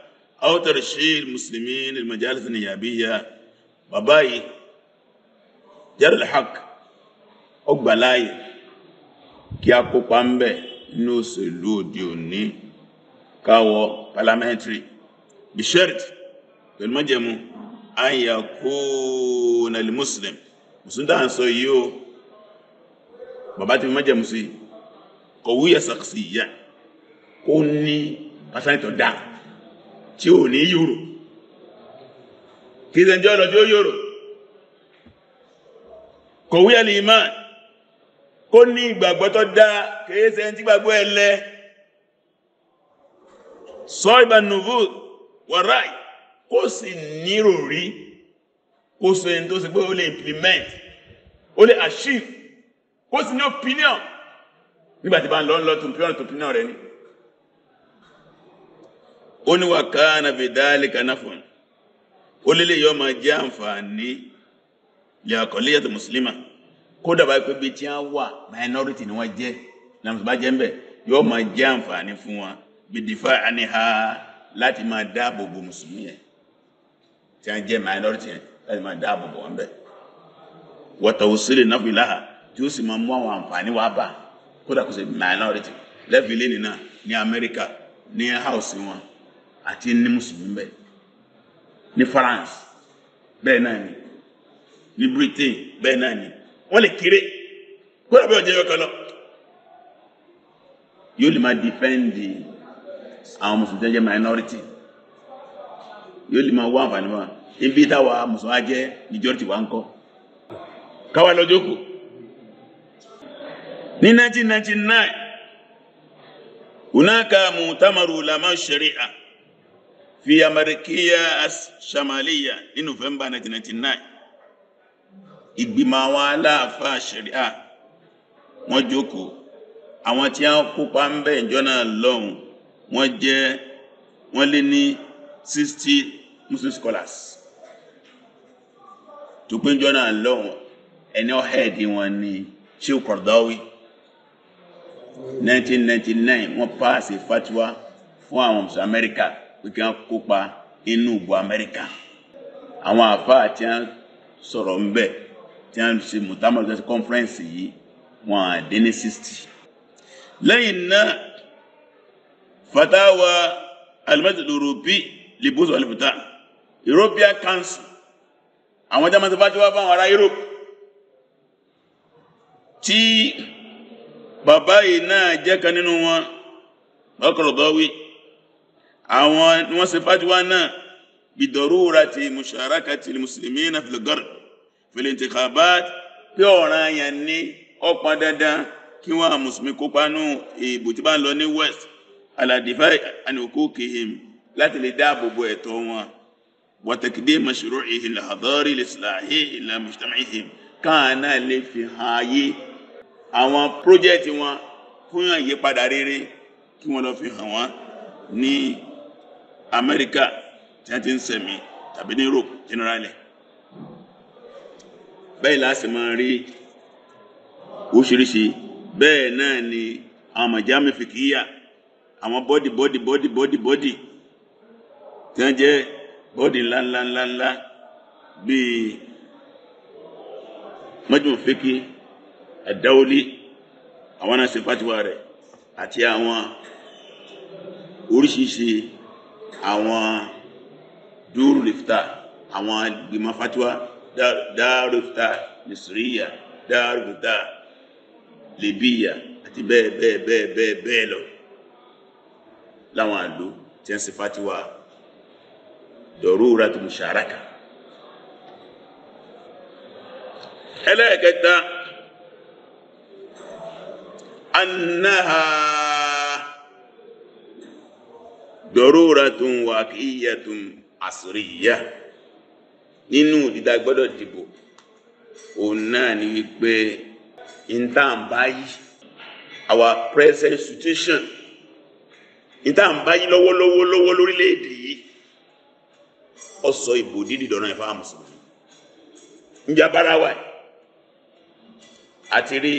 [SPEAKER 1] أو ترشيد المسلمين للمجالس النيابية باباي جار الحق ọgbà láàyè kí a kópa ń bẹ̀ nínú òṣèlú òde òní káwọ parliamentary bishert pẹ̀lú mọ́jẹ̀mú ayakuna lè muslim musulun dáa ń sọ yìí o bàbá ti mọ́jẹ̀mú sí kọ̀wúyẹ̀ sàkìsì yà kó ní asáyìn tó dáa tí ò ní yòrò kí sẹ́njẹ́ ọ̀nà tí ó yòrò kò wí ẹ̀lì ìmá kó ní ìgbàgbọ́ tó dáa kìí sẹ́ tí gbàgbọ́ ẹ lẹ sọ ìbà nùfú wọ̀ráì kó sì nírò rí kó sọ ẹni tó sì pé ó lè implement ó lè achieve kó sì ní opinion nígbàtí bá ń lọ ń lọ tó ń píọ̀nà tó ń píọ̀nà rẹ ni ó ní wà káàna fi dáálì kanáfún ó lélẹ̀ yọ ma jẹ́ àǹfààní lè àkọlẹ́yàtọ̀ muslima kó dàbá pé bí tí a wà minority ni wọ́n jẹ́ lámùsùbá jẹ́ ń bẹ̀ yọ ma jẹ́ àǹfààní fún wa bí dìfà àníhà láti máa dáàbò bo mùsùlùmí yẹn tí a jẹ́ minority yẹn láti máa dáàbò bo wọn bẹ̀ wọ́tà òsèlè náà fi láhà tí ó sì máa mú àwọn àǹfààní wa bá kódà kó sì minority lẹ́fìlẹ́ nìna ní Amẹ́ríkà ní house wọn Ati ní mùsùlùmí bẹ́ẹ̀ ní France bẹ́ẹ̀ náà ni ní Britain bẹ́ẹ̀ náà ni wọ́n lè kéré kó dàbí ọjọ́ yọkan lọ yóò lè máa dìfẹ́ǹdì àwọn mùsùlùmí tó jẹ́ minority yóò lè máa wá àǹfààní wọn ibi táwa mùsùlùmí á jẹ́ majority wa ń kọ́ káwa lọ́jọ́ kù ní 1999 hunaka mutamaru ulama fi amarikiya asamaliya ní november 1999 ìgbìmọ̀ àwọn aláàfà sharia wọ́n jókòó àwọn tí a ń kópa ń bẹ̀ ìjọ náà lọ́hùn wọ́n jẹ́ wọ́n lé ní 60 muslim scholars tó pé ìjọ náà lọ́hùn ẹni ọ̀hẹ́ẹ̀dì wọn ni Sheikh Qaradawi 1999 wọ́n pàṣẹ fatwa fún àwọn mùsùlùmí amẹ́ríkà pé kí wọ́n kópa inú ìbò Amẹ́ríkà àwọn àfáà tí wọ́n sọ̀rọ̀ ń bẹ̀ tí wọ́n ṣe mùtámọ́lù tẹ́sí yìí wọ́n á dín ní sixty. lẹ́yìn náà fatawa alimẹ́tẹ̀lẹ̀ òròbí libuso alifuta European Council àwọn jẹ́ mọ́tò fatiwa fáwọn ará Europe tí bàbá yìí náà jẹ́ kan nínú wọn bákọ̀rọ̀ bá àwọn wọ́n ṣe fàtíwá náà bí darurati musharakati muslimina fil gard fil intikhabat pé ọ̀ràn yẹn ní ọpọ̀ dandan kí wọ́n a musulmi kópa nú ìbò tí bá ń lọ ní west aladifa anukukihim láti lè dáàbòbò ẹ̀tọ́ wọn wa taqdim mashru'ihi al-hadari lislahi ila mujtama'ihim káàná lè fi hàn ayé àwọn project wọn fún àyípadà rere kí wọ́n lọ fi hàn wọ́n ní amẹ́ríkà tí a ti ń sẹ̀mí tàbí ní europe generally bẹ́ẹ̀ láti máa rí oríṣiríṣi bẹ́ẹ̀ náà ni àwọn mọ̀jámi fìkìyà àwọn bọ́dì bọ́dì bọ́dì bọ́dì bọ́dì tí wọ́n jẹ́ bọ́dì ńláńláńláńlá bíi mọ́jùmọ̀ fíkì ẹ̀dáwọlé àwọn náà ṣe fàtíwà rẹ̀ àti àwọn oríṣiríṣi àwọn dúró lifta àwọn gbìmọ̀ fatiwa dáàrú lifta nisiriya dáàrú lifta libiya àti bẹ́ẹ̀ bẹ́ẹ̀ bẹ́ẹ̀ bẹ́ẹ̀ bẹ́ẹ̀ lọ láwọn àlò tí ń ṣe fatiwa dọ̀rúra tó musharaka ẹlẹ́ẹ̀kẹta annaha dọ̀rọ̀ratun wàkíyàtun àsìríyà nínú dídá gbọ́dọ̀ dìbò òun náà ni wípé ìtàǹbáyí our present situation ìtàǹbáyí lọ́wọ́lọ́wọ́ lọ́wọ́ lórílẹ̀ ọsọ yìí ó sọ ìbò dídì dọ̀nà ìfà mùsùlùmí ń jábára wà àti rí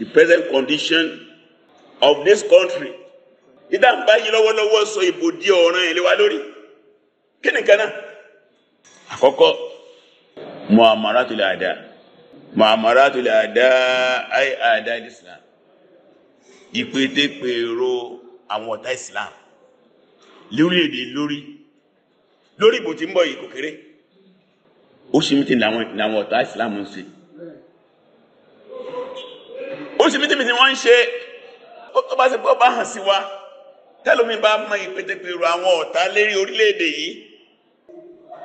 [SPEAKER 1] the present condition of this country dídá ń bá yí lọ́wọ́lọ́wọ́ sọ ìbò di ọ̀ràn ilé wa lórí kí ni kan náà. àkọ́kọ́ muamaratul ada muamaratul ada ayé ada islam ìpètèpèrò àwọn ọ̀tá islam lórílẹ̀-èdè lórí lórí ìbò tí ń bọ̀ yìí kò kéré ó sì mítí làwọn ọ̀tá islam ń ṣe ó sì mítí mítí wọ́n ń ṣe tó bá ṣe pọ́ bá hàn sí wa tẹ́lómi bá mọ ìpètèpèrò àwọn ọ̀tá lérí orílẹ̀-èdè yìí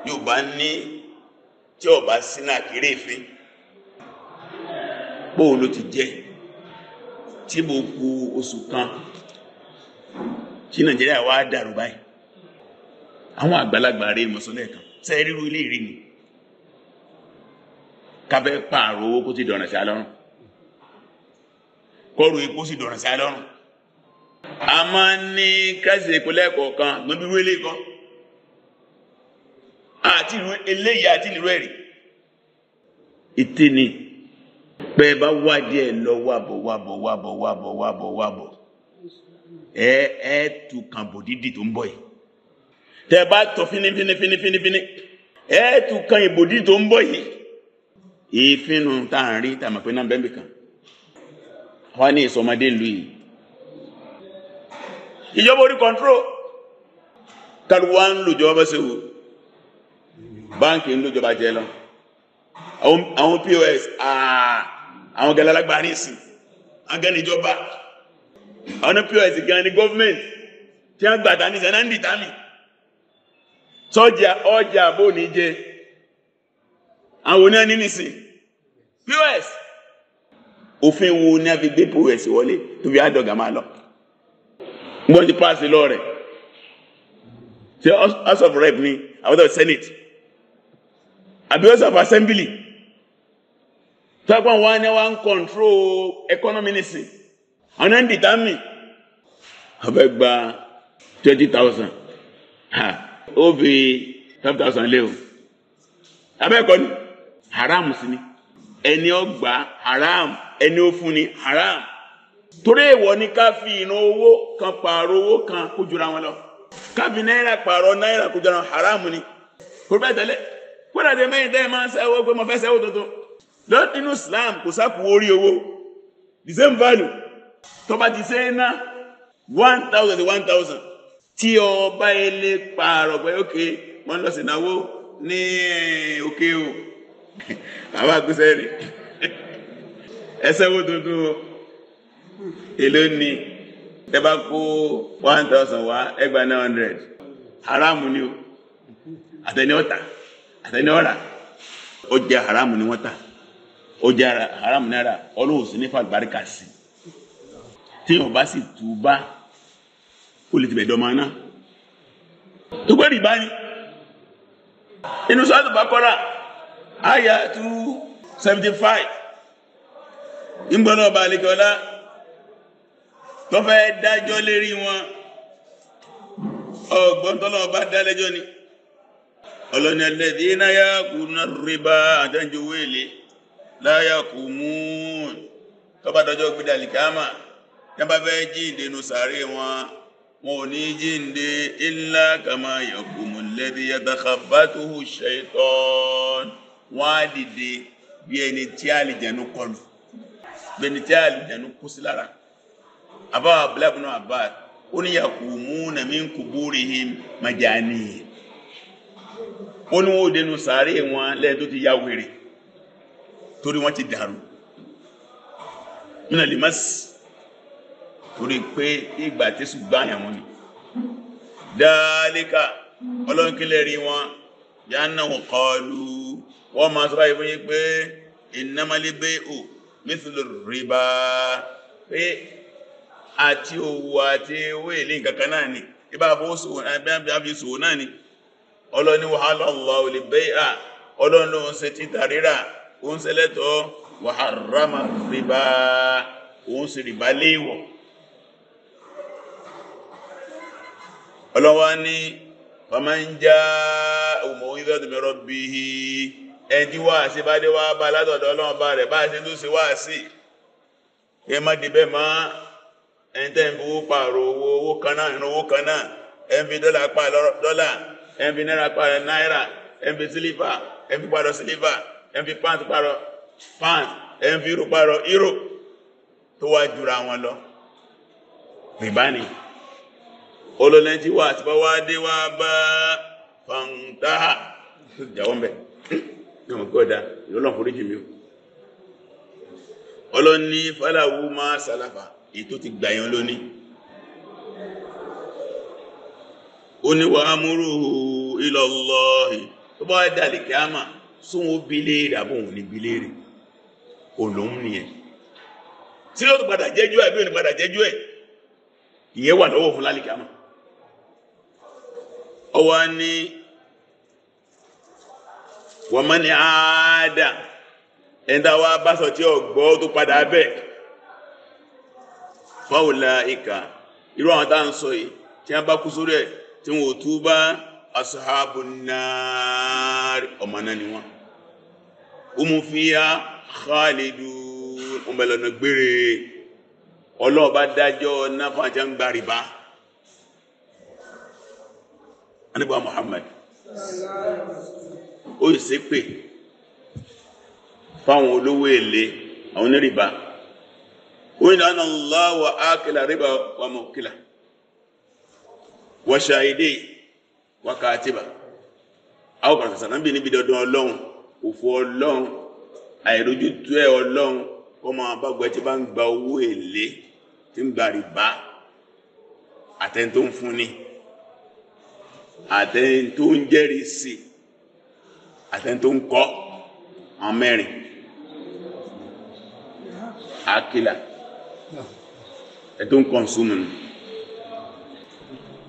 [SPEAKER 1] yóò bá ní tí ọba sínú àkéré ìfín bóun ló ti jẹ́ tí mo kù oṣù kan tí nàìjíríà wá dàrú báyìí àwọn àgbàlagbà rèé mọ̀sọ́lẹ̀ kan sẹ́ẹ̀rírú ilé ìrìn ni kábẹ́ pààrọ̀ owó kó ti dọ̀nà sí alọ́run kọrù epo sì dọ̀rọ̀ sí alọ́run a máa ń ní kẹ́sì epo lẹ́ẹ̀kọ̀ọ̀kan gbọ́nbí wílé kan àti ìlú eléyìí àti ìlú ẹ̀rí ìtì ni pé bá wádìí ẹ̀ lọ wàbọ̀ wàbọ̀ wàbọ̀ wàbọ̀ wàbọ̀ wàbọ̀ ẹ ẹ tù kàn bò dídì tó ń bọ̀ yìí tẹ bá tọ fínífíní ẹ tù kàn ìbò dídì tó ń bọ̀ yìí èéfín tá à ń rí tàmà pé náà bẹ́ẹ̀ bì wọ́n ní ìsọmọdé ìlú yìí ìjọba orí kọ̀ntró kálùwá ń lò jọba sí wò báńkì ń lò jọba jẹ lọ àwọn pos àwọn gẹlẹ́ ní ìsìn agẹ́nìjọba àwọn pos gan ni gọ́ọ̀mẹ̀ntì tí wọ́n gbà dání sẹ́nà ń dìtámì tọ́jà ọjà bò ní jẹ àwọn oníyanínìsìn pos òfin wo ni a fi gbé pos wọlé tó fi àdọ̀gà máa lọ gbọ́n ti paasi lọ rẹ̀ ṣe house of rep ni àwọn tó senate àbí house of assembly tọ́gbọ́n wa ni wa ń control economy nísìn àwọn náà ń dìtámì ọ̀fẹ́ gba twenty thousand ha ó fi twelve thousand lé o abẹ́ẹ̀kọ́ ni haram sí ni ẹni ọgbà haram ẹni ó fún ni haram torí èèwọ̀ ni ká fi ìran owó kan pààrọ̀ owó kan kó jura wọn lọ ká fi náírà pààrọ̀ náírà kó jura wọn haram ni kò bẹ́ẹ̀ tẹ́lẹ̀ kódà dé mẹ́yìn tẹ́ máa ń sẹ́wọ́ pé mo fẹ́ sẹ́wọ́ tuntun lọ́dínú Islam kò sákò orí owó the same value tó ti ṣe é ná one thousand one thousand tí ọba ilé pààrọ̀ pé ókè wọ́n lọ sí ìnáwó ní òkè o àwọn àgbẹ̀sẹ̀ rẹ̀ ẹsẹ̀ wo dúdú èló ni ẹ bá kó one thousand wá ẹgbàá nine hundred haramu ni o àtẹni ọ̀tà àtẹni ọ̀rà ó jẹ haramu ni wọ́n tà ó jẹ haramu náírà ọlọ́run sì ní fàlùbáríkà sí tí wọn bá sì tù bá ó lè tibẹ̀ dọ́mọ náà tó gbé ni inú sọ́ọ́tù bá seventy five ìgbọ́nà ọba àlekọ́lá tó fẹ́ dájọ́ lérí wọn ọgbọ́n tọ́lọ ọba dálẹ́jọ́ ni ọlọ́ni alladhina yakuna ar-riba àdájọ́wó èlé la yaqumun tó bá dájọ́ gbídà alìkámà yába fẹ́ jíǹde nù sàárè wọn wọn ò ní jíǹde illa kama yaqumu alladhi yatakhabbatuhu ash-shaytan wọ́n á dìde bí ẹni tí àlìjẹ̀nú kọlù bẹni tí àlùjànnú kú sí lára àbá abúlábùnú àbá ó ní yakumuna min kuburihim majanin ó ní wọ́n dénú sàárè wọn lẹ́yìn tó ti ya wèrè torí wọ́n ti dàrú mínà lè má sí torí pé ìgbà wọn ni dáálíkà ọlọ́nkílẹ̀ wọn yánà wọ́n kọlu wọ́n máa sọ́rọ̀ ìfún yí pé innamal bay'u mithlu riba pé àti owó àti ewé ilé nǹkankan náà ni ibá fowósòwò eh, náà ni ọlọ́ni wa halallahu al-bay'a ọlọ́ni oun ṣe títà rírà oun ṣe lẹ́tọ́ wa harrama riba oun ṣe rìbá léèwọ̀ ọlọ́wọ́ ni faman ja'ahu maw'izatun min rabbihi ẹjí wá sí bá dé wá bá látọ̀dọ̀ ọlọ́run bá rẹ̀ bá ṣe tó ṣe wá sí ẹ má dìbẹ̀ má ẹni tẹ́ ń fi owó pààrọ̀ owó owó kan náà nínú owó kan náà ẹ ń fi dọ́là pa dọ́là ẹ ń fi náírà pa náírà ẹ ń fi sílífà ẹ ń fi pààrọ̀ sílífà ẹ ń fi pant pààrọ̀ pant ẹ ń fi irú pààrọ̀ irú tó wá jura wọn lọ rìbá ni wà tí wọ́n wá dé wá bá fàǹtà jàwọ́ mẹ́rin náà mọ̀ kí ọ̀dá ìrọ́lọ́n foríjì mi ọlọ́ni fàlàwú máa sàlàfà ètò ti gbà yán lóní ó ní wà ámúrú ilọ̀lọ́hì tó bá dàlì kí á mà súnwó bíléèrè àbòhùn ní bíléèrè olóhun nìyẹn tí ó padà jẹ́jú ẹ̀ bí ó padà jẹ́jú ẹ̀ ìyẹn wà lọ́wọ́ fún lálìkí á mà ọwọ́ ni wọ́n mọ́ ní àádà ẹ̀ńdà wa bá sọ tí ọ̀gbọ́ tó padà bẹ̀ fáwọlá ìkà irú àwọn tá ń sọ yìí tí wọ́n bá kú sórí ẹ̀ tí wọ́n tú bá asahabu náàrí ọmọ náà ni wọ́n umu khalidu ọmọlọ́nà gbére ọlọ́ọ̀bá dájọ́ náà fún ń gba rìbá anígbà Muhammad ó sì pè fáwọn olówó èlé àwọn onírìbá ó ní lánà láwọ̀ ákìlà ríbà wà mọ̀kìlà wà ṣàìdè wà káàtìbà àwọn pàtàkì náà bí níbi dandan ọlọ́run òfò ọlọ́run àìrójútó ẹ̀ ọlọ́run ọmọ àbágbẹ́ tí bá ń gba owó èlé tí ń gba rìbá àtẹ́ni ń fúnni àtẹ́ni ń jẹ́rìí sí i àtẹni tó ń kọ́ àwọn mẹ́rin akila ẹni tó ń consume nù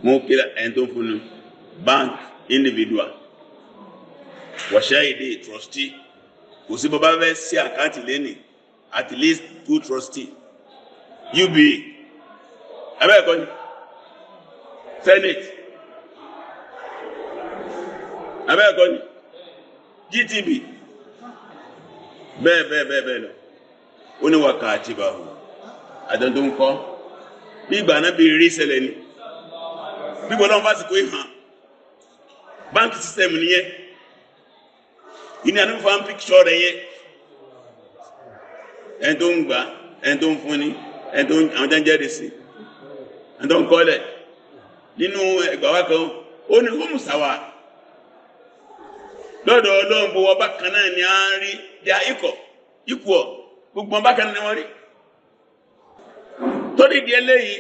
[SPEAKER 1] mọ́kílá ẹni tó ń fún nù bank individual wọ̀ṣẹ́ èdè trustee kò sí bọ́bá fẹ́ sí àkáǹtì lẹ́nì at least two trustee UBA ẹgbẹ́ ẹ̀kọ́ ni senate ẹgbẹ́ ẹ̀kọ́ ni gtb bẹ́ẹ̀ bẹ́ẹ̀ bẹ́ẹ̀ bẹ́ẹ̀ lọ ó ní wàkà àti ìbàwò àdán tó ń kọ́ bí ìgbà náà bí rí ṣẹlẹ̀ ni bí gbọ́dọ̀ wọn fásitì kò hàn báńkì system nìyẹn ìní àná fún píkṣọ rẹ yẹ ẹni tó ń gbà ẹni tó ń fúnni ẹni tó ń àwọn jẹ́ rẹ̀ sí ẹni tó ń kọ́lẹ̀ nínú ẹgbàá wa kan ó ní hómùsáwàá lọ́dọ̀ ọlọ́run gbogbo ọba kan náà ni a ń rí dia ikọ̀ ikú ọ̀ gbogbo ọba kan náà ni wọ́n rí torí di eléyìí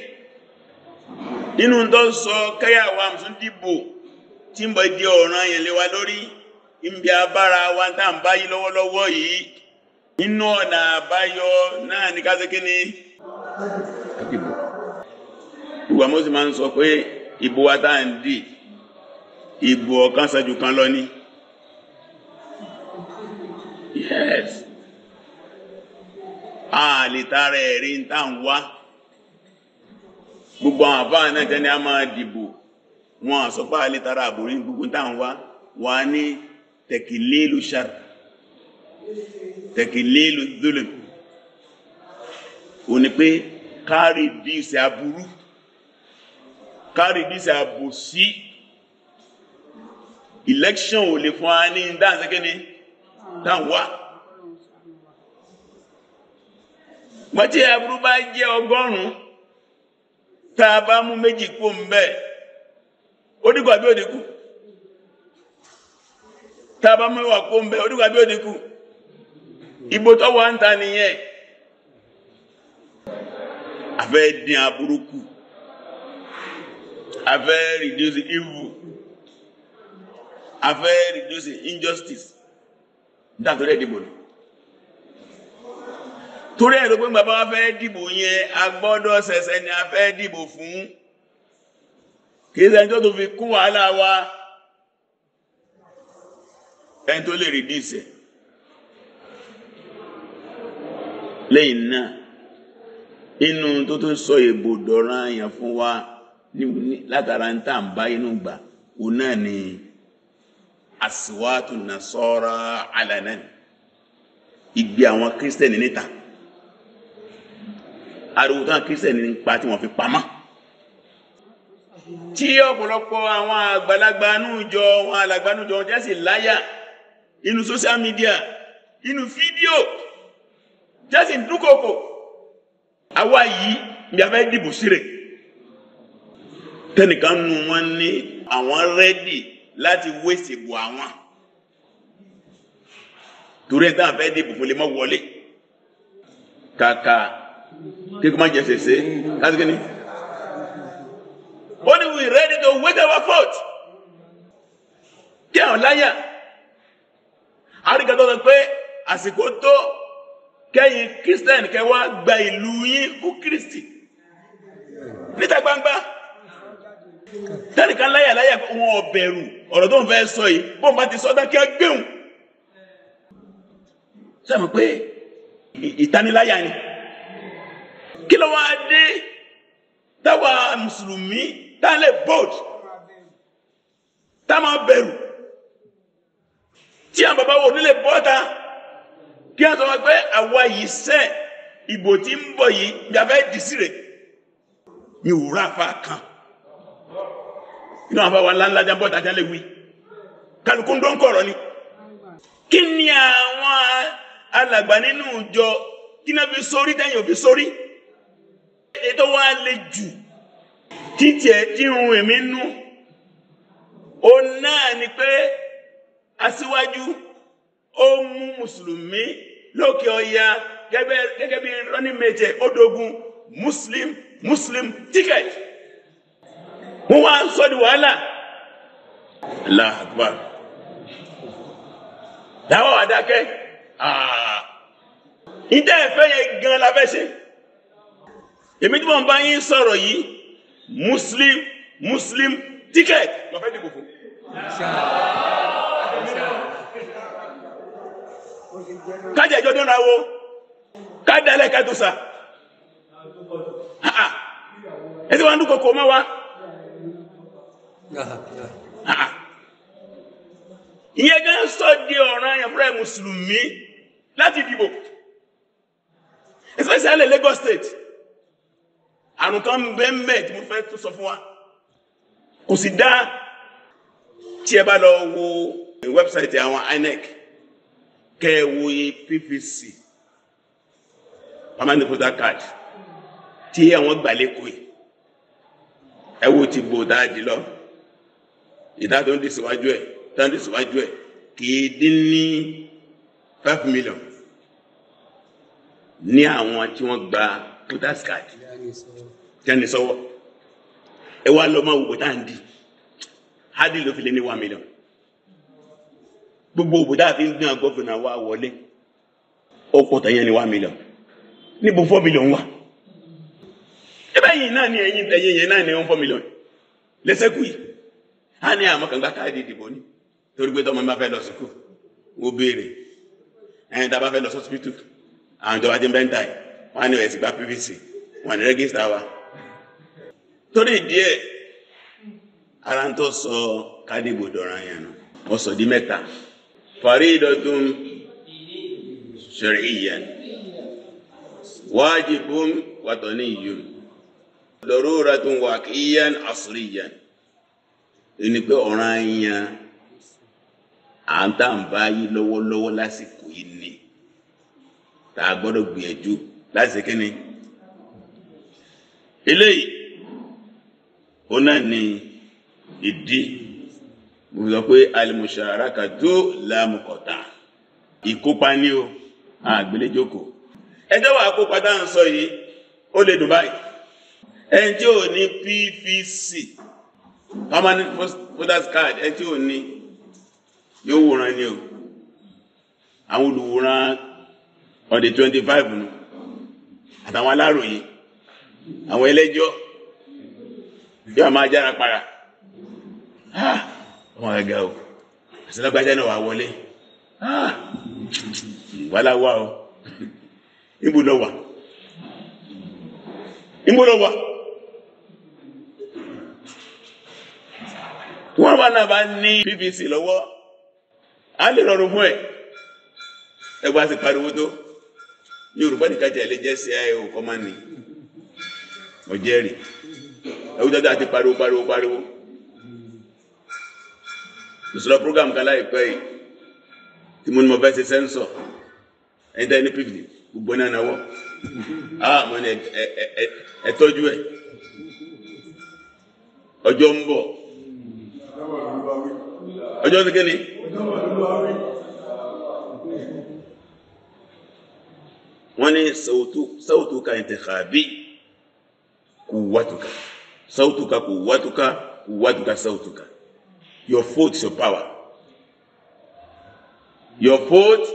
[SPEAKER 1] nínú tó ń sọ káyàwó dìbò tí ń bọ̀ ọ̀ràn yẹn lé wa lórí ìbí abára wa tá à ń lọ́wọ́lọ́wọ́ yìí nínú ọ̀nà àbáyọ náà ní kásẹ́kí ni máa ń sọ pé ìbò wa tá ń dì ìbò ọ̀kan kan lọ ni. yes a lè tara ẹ̀rí ń tà ń wá gbogbo àwọn àfáà náà jẹ́ ni a máa dìbò wọn àsọpá a lè tara àbòrí gbogbo ń tà ń wá wà ní tẹ̀kìlélu ṣar tẹ̀kìlélu zulum ó ní pé kárí díìsì aburú kárí díìsì àbòsí election ò lè fún wa ní dáǹsẹ́kẹ́ ni dáwà gbọ́tí aburú bá jẹ́ ọgọ́rùn-ún tá a bá mú méjì kó ń bẹ́ ó dìgbà bí ó dìkù tá a bá mú ìwà kó ń bẹ́ ó dìgbà bí ó dìkù ibo tó wà ń ta nìyẹn afẹ́ dín aburú kù afẹ́ reduce evil afẹ́ reduce injustice nígbà tó rẹ̀ dìbò ni torí ẹ̀ ló pé bàbá wa fẹ́ dìbò yẹn a gbọ́dọ̀ ṣẹ̀ṣẹ̀ ni a fẹ́ dìbò fún kìí sẹ́ni tó tó fi kún wàhálà wa ẹni tó lè rí díìsẹ̀ lẹ́yìn náà inú tó tó sọ èbò dọ̀rọ̀ àyàn fún wa látara ń tà bá inú gbà òun náà Ni, àsìwáàtù nàṣọ́ra alanan igbe àwọn kírísítẹ̀nì níta ariwo táwọn kírísítẹ̀nì ń pa tí wọ́n fi pamọ́ tí ọ̀pọ̀lọpọ̀ àwọn àgbàlagbà nújọ àwọn àlàgbà nújọ wọn jẹ́ sì láyà inú social media inú fídíò jẹ́ sì dúkòkò àwa yìí ni a fẹ́ dìbò síre tẹnìkan nu wọn ní àwọn rẹ́dì láti wéṣì bò àwọn torí ẹ̀ta àfẹ́ dìbò fún lè wọlé kàkà kíkọ́ má jẹ́sẹ̀ sí kásìkí ni ó ní we ready to wait our vote kí àwọn láyà àríkàtọ́ sọ pé àsìkò tó kẹ́yìn Christian kẹwàá gba ìlú yín fún Kristi níta gbangba tẹ́nìkan láyà láyà wọn ọ̀bẹ̀rù ọ̀rọ̀ tó ń fẹ́ sọ yìí bó ń bá ti sọ́dá kí á gbéhùn sẹ́mi pé ìtaniláyà ni kí ló wá dé táwa mùsùlùmí tá lè bold tá máa bẹ̀rù tí àwọn bàbá wo nílé bọ́ta kí á sọ wọn pé àwa yìí sẹ́ ìbò tí ń bọ̀ yìí bí a fẹ́ dì sí rẹ̀ mi ò rà kan nínú àwọn àwa ńláńlá jábọ̀ dájá lè wí kálukú ń ni. kí ni àwọn alàgbà nínú ìjọ kí náà fi sórí òfin sórí. ètò wa le jù títí ẹ̀ tí ń ni pé aṣíwájú ó mú mùsùlùmí ọya gẹ́gẹ́ bí running mate odogun wọ́n wá ń sọ di wàhálà làgbà dáwọ́ àdákẹ́ ìdá ah. ẹ̀fẹ́ yẹn gan la fẹ́ ṣe èmi tí wọ́n bá yín sọ̀rọ̀ yìí muslim muslim ticket lọ fẹ́ dìbò fún. kájà ìjọ dúnra wo kájà ẹlẹ́kẹ́ tó sà ẹ ti wá ń dúnkokò mọ́ wa ìyẹn gan sọ di ọ̀ràn yẹn fúnra mùsùlùmí láti dìbò especially Lagos State àrùn kan bẹ́ẹ̀mẹ́ tí mo fẹ́ tó sọ fún wa kò sì dá tí ẹ bá lọ wo wẹ́bsáìtì àwọn INEC kẹ́ ẹ wo PPC permanent voter card tí àwọn gbà lẹ́kọ̀ọ́ ẹ wo ti bò dáadìí lọ́wọ́ ìdá tó ń di síwájú ẹ̀ tó ń di síwájú ẹ̀ kìí dín ní five million ní àwọn tí wọ́n gba voters card jẹ́ni sọ́wọ́ ẹ wá lọ́mọ òwò tá à ń di hádìí ló fi lé ní one million gbogbo òwò tá a fi ń dín àgọ́fìnà wa wọlé ó pọ̀ tẹ̀yẹn ní one million níbo four million wà ẹ báyìí náà ni ẹ̀yin ẹ̀yin yẹn náà ni ó ń four million lẹ́sẹ̀kù yìí a ní àwọn kan gba káàdì ìdìbò ni torí pé tọmọ mi bá fẹ́ lọ sùkúù wọ́n béèrè ẹni tá a bá fẹ́ lọ sọ́sibítù àwọn ìjọba ti ń wọ́n á ní ẹ̀sìn gba pvc wọ́n á ní rẹ́gísítà wa torí ìdí ẹ̀ ara ń tó sọ káàdì ìbò dọ̀ràn yẹn nù wọ́n sọ di mẹ́ta faridotun shar'iyyan wajibun wataniyun daruratun waqiyan asriyan. ni pé ọ̀ràn ayan à ń tà ń bá yí lọ́wọ́lọ́wọ́ lásìkò yìí ni tá a gbọ́dọ̀ gbìyànjú láti kí ni eléyìí ó náà ni ìdí mo sọ pé alimusharaka tó lámùkọ̀tà ìkópa ni o àgbélẹ́jọ́kọ̀ ẹjọ́ wà kópa sọ yìí ó lè dùn pvc ọmọ ní voters card ẹ tí ò ní yóò wòran ni o àwọn olùwòran on the twenty five nù àtàwọn aláròye àwọn ẹlẹ́jọ́ bí wọ́n máa jára para ah ọmọ ẹ̀gá o àṣìlágbájá náà wà wọlé wàláwà ah, o ìbùdó wà ìbùdó wà. wọ́n wà náà bá ní PVC lọ́wọ́ a lè rọrùn fún ẹ̀ ẹgbà sí pariwo tó Yorùbá nìkan jẹ́ ilé jẹ́ sí ẹ ò kọ́ máa ní mo jẹ́rìí ẹwú dáadáa àti pariwo pariwo pariwo ìṣòro program kan láìpẹ́ yìí tí mo ní mo fẹ́ ṣe sẹ́ńsọ̀ ẹni tẹ́ ní PVC gbogbo náà náwó ah mo ní ẹ tọ́jú ẹ ọjọ́ ń bọ̀ ọjọ́ ti kéde. wọ́n ní sawtuka intikhabi quwwatuka sawtuka quwwatuka quwwatuka sawtuka your vote is your power your vote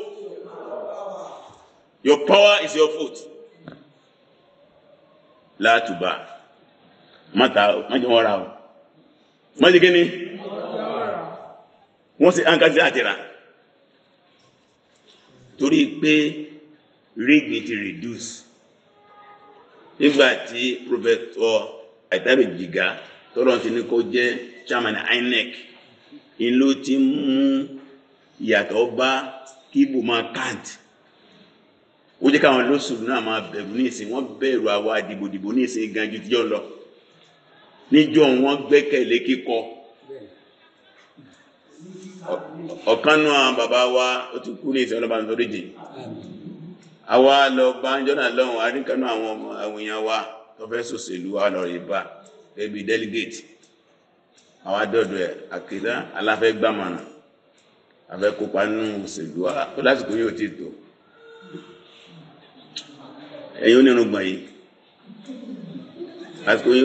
[SPEAKER 1] your power is your vote látùbà mọ́ta mọ́jọ́ wọ́n ra o mọ́jọ́ kí wọ́n sì áńgájí àtìrà torí pé rígì ti reduce nígbàtí Professor àìtàbí jìgá tọ́lọ̀ ti ní kó jẹ́ chairman INEC in ló ti mú ìyàtọ̀ bá kíbù máa káàdì ó jẹ́ káwọn lóṣùlù náà máa bẹ̀rù ní ìsìn wọ́n bẹ̀rù àwa dìbòdìbò ní ìsìn gan tíjọ́ lọ níjọ́ wọ́n gbẹ́kẹ̀lé kíkọ́ ọ̀kanú àwọn bàbá wa ó ti kú ní ìsẹ́lọ́bà nítorí jì lọ bá ń jọ́nà lọ́wọ́ àwọn ọmọ wa tó fẹ́ wa lọ rí bá delegate àwọn adọ́dọ̀ ẹ̀ àkìlá aláfẹ́ gbàmọ̀nà àfẹ́ kópa nínú òṣèlú wa ó lásìkò yóò ti tò ẹ̀yìn yìí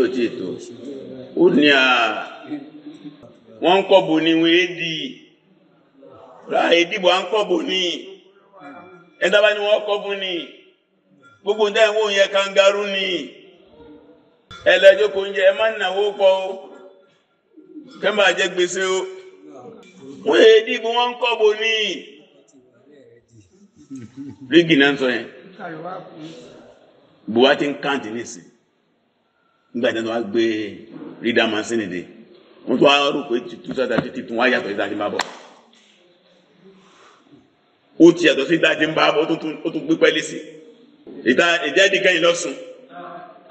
[SPEAKER 1] yóò ti tò ó ní à wọ́n ń kọ́ ni wọ́n ìdìbò à ń kọ́ bò ní ẹ̀dábá ni wọ́n kọ́ gbogbo ǹdá ìwọ̀n yẹ kangarú ní ẹlẹ́jọ́ kò ń jẹ ẹmá ìnáwó kọ́ ó kẹ́mà jẹ gbèsè ó wọ́n yẹ ìdìbò wọ́n kọ́ bò ní rígì náà sọ yẹn buwa ti ń káǹtì nìsí nígbà ìdájọ́ gbé rídà masínìdè wọ́n tó wá rò pé 2050 ó ti yàtọ̀ sí ìdájí ń bá bọ́ ó tún gbé pẹ́lí sí ìdájí kẹ́yìn lọ́sùn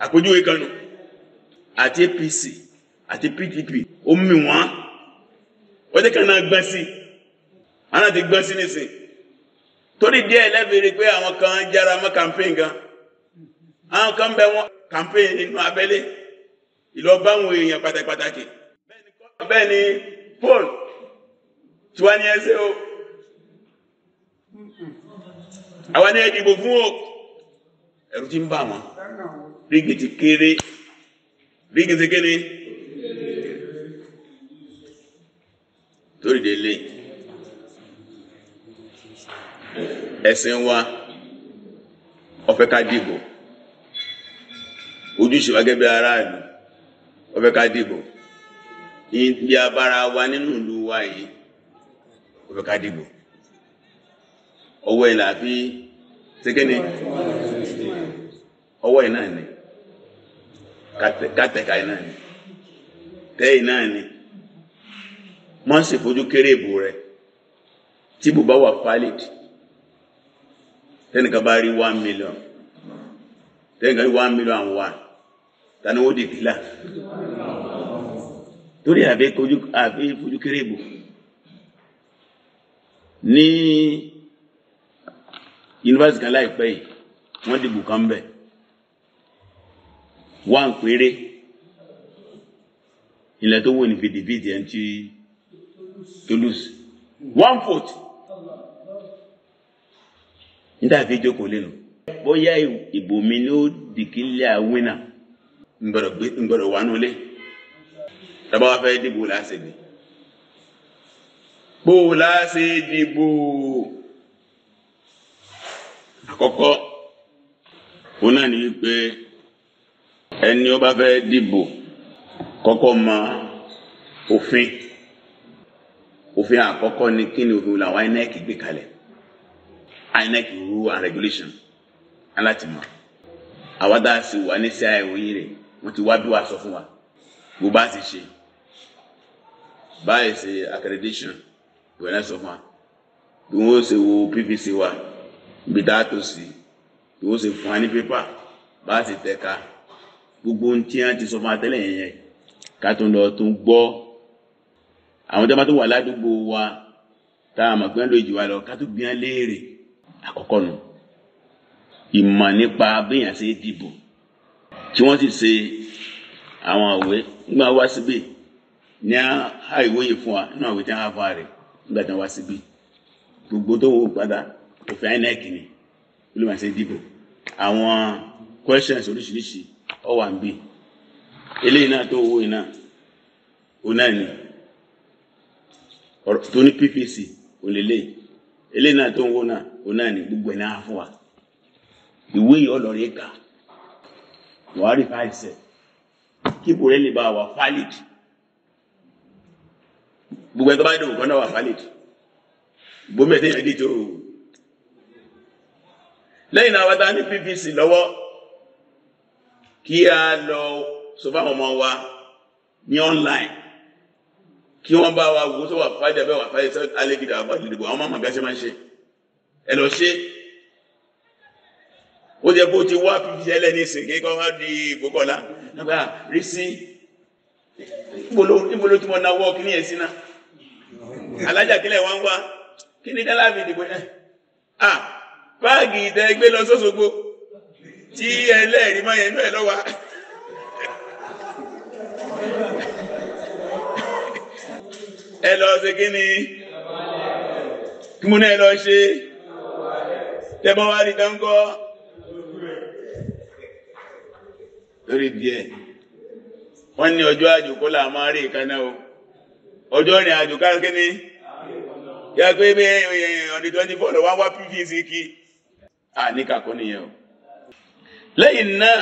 [SPEAKER 1] àpèjúwe kan nù àti APC àti PDP ó mì wọ́n ó dé kan náà gbọ́n sí àwọn àti gbọ́n sí nísìn torí díẹ̀ lẹ́bìrì pé àwọn kan jára mọ́ campaign gan àwọn kan bẹ wọn campaign nínú abẹ́lé ìlọ bá àwọn èèyàn pàtàkì bẹ́ẹ̀ ni paul tí wá ní ẹsẹ̀ o. àwa náà dìbò fún o ẹ̀rù ti ń bà wọ́n rígi ti kéré rígi ti kéré torí délé ẹ̀sìn wa ọ̀fẹ́ ká dìbò ojúṣe wa gẹ́gẹ́ bí aráàlú wa nínú ìlú wa yìí ọ̀fẹ́ ká ọwọ́ ilà fi ṣégéni ọwọ́ iná ni kátẹ̀ka iná ni tẹ́ iná ni mọ́ sì fojú kéré ìbò rẹ̀ tí bù bá wà valid tẹ́nìkan bá rí 1 million tẹ́nìkan rí 1 million and 1 tani ó dìkílà torí àbí fojú kéré ìbò ní yunifásitì kan láìpẹ́ yìí wọ́n dìbò kan bẹ̀ wá ń péré ilẹ̀ tó wò ní fi dìbìtì ẹ̀ ń tí Toulouse one fourth níta fi jókòó lẹ́nu bóyá ìbò mi ló dìkílẹ̀ àwínà ngbọ̀dọ̀ wà nulẹ̀ tàbá wá fẹ́ dìbò láṣẹ dì bó dìbò àkọ́kọ́ òun náà ní wípé ẹni ó bá fẹ́ dìbò kọ́kọ́ mọ òfin òfin àkọ́kọ́ ni kí ni òfin làwọn INEC gbé kalẹ̀ INEC rule and regulation aláti mọ̀ àwa dá sí wa ní sí àìwòye rẹ̀ wọ́n ti wá bí wa sọ fún wa bó bá ti ṣe báyìí ṣe accreditation ìwé náà sọ fún wa bí wọ́n ṣe wo PVC wa ibi tá a tó sí ìwọ sì fún wa ní pépà bá a sì tẹ̀ka gbogbo ohun tí wọ́n ti sọ fún wa tẹ́lẹ̀ yẹn ká tó ń lọ tó ń gbọ́ àwọn jọba tó wà ládùúgbò wa tá a mọ̀ pé wọ́n lo ìjìwà lọ ká tó gbìyàn léèrè àkọ́kọ́ nù ìmọ̀ nípa béèyàn ṣe dìbò tí wọ́n sì ṣe àwọn àwẹ̀ nígbà wá síbẹ̀ ní àìwòye fún wa nínú àwẹ̀ tí wọ́n á fún wa nígbà tí wọ́n wá síbẹ̀ gbogbo tó wò padà òfin INEC ni ló máa ṣe dìbò àwọn questions oríṣiríṣi ọ wà ń bì eléyìí náà tó owó iná òun náà ni tó ní PPC òlélẹ̀ eléyìí náà tó ń wó náà òun náà ni gbogbo ẹ̀ fún wa ìwé yìí ọlọ́rẹ̀ kà Buhari fàìsẹ̀ kíbo rẹ̀ lè bá wà valid gbogbo ẹ̀ bá dùn kọ́ wà valid gbogbo ẹ̀ tó yẹ tó lẹ́yìn náà wátá ní PVC lọ́wọ́ kí a lọ sọ fáwọn ọmọ wa ní online kí wọ́n bá wa wo tó wà fáyé abẹ́ wà fáyé alẹ́gidà wà lè dìbò àwọn ọmọ àgbà ṣe máa ń ṣe ẹ lọ ṣe ó jẹ́ kó ti wá PVC ẹlẹ́ni ìsìn kí kọ́ wá di ìgbókọ̀lá nígbà rí sí ìbolo tí mo na wọ́ ní ẹ̀sìn náà alájà kílẹ̀ wọ́n wá kí ní dálábì ìdìbò náà báàgì ìtẹ́ gbé lọ sọ́sogbo tí ẹlẹ́rìí máa yẹn náà lọ́wọ́ ẹ lọ ṣe kí ni mo ní ẹ lọ ṣe tẹ́bọ́ wá rí dáńgọ́ lórí díẹ̀ wọ́n ní ọjọ́ àjò là máa rí ìkaná o ọjọ́ rìn àjò káàkiri yá pé bí eh, ọdún 24 wọ́n wá pvc kí àníkàkọ́ nìyẹn o lẹ́yìn náà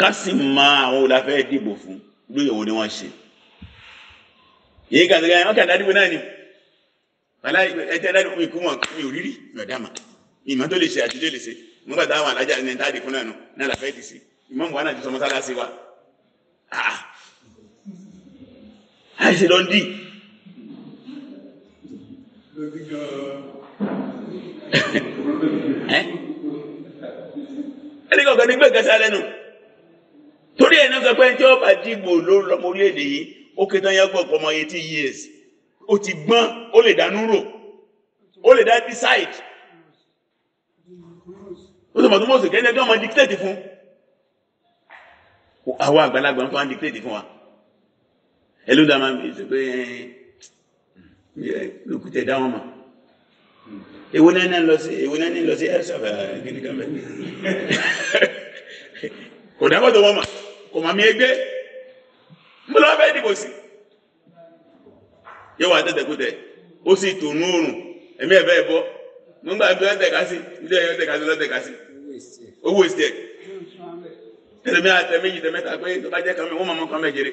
[SPEAKER 1] ká sì máa àwọn olàfẹ́ dìbò fún lóye wo ni wọ́n ṣe yìí kàtàkì àwọn kàtà dìbò náà ni wàlá ẹ̀tẹ́ ẹ̀dá dìbò ikú wọn mi ò rírì ìrọ̀dàmà ìmọ̀ tó lè ṣe àti tó lè ṣe nígbà táwọn alájà ní ẹ̀ta dìbò náà nù náà làfẹ́ dì sí ìmọ̀ mọ̀ wọn àti sọmọ́sálásí wa àìsè lọ́ndì. Eh? ẹni kọ̀ọ̀kan ní gbé kẹsà lẹ́nu torí ẹ̀nà sọ pé ẹni tí ó bá dìgbò ló lọmọ orílẹ̀-èdè yìí ó ké tán yẹ́gbọ̀ pọmọ 18 years ó ti gbọ́n ó lè dánú rò ó lè dá decide ó sọ mọ̀tún mọ̀sùn kẹ́lẹ́ ọmọ dictate fún àwọn àgbàlagbà ń fa dictate fún wa ẹlú dá máa ń bí pé lùkùtẹ̀ dáwọn mọ̀ èwo náà lọ sí èwo náà lọ sí ẹ̀sọ̀fẹ̀ gíníkànlẹ̀ kò dákọ̀ tó wọ́n mọ̀ kò mọ̀ mí ẹgbẹ́ mú lọ fẹ́ dìbò sí yóò wà tẹ́tẹ̀kútẹ̀ ó sì tò ní oòrùn ẹ̀mí ẹ̀fẹ́ ẹ̀bọ́ nígbà tó lọ́tẹ̀ká sí ilé ẹ̀yọ́ tẹ̀ká sí lọ́tẹ̀ká sí owó èsì ẹ̀ tẹ̀lẹ́mí àtẹ̀mí yìí tẹ̀mẹ́ta pé tó bá jẹ́ kan mẹ́ wọ́n mọ̀ mọ́ kan mẹ́ jẹrẹ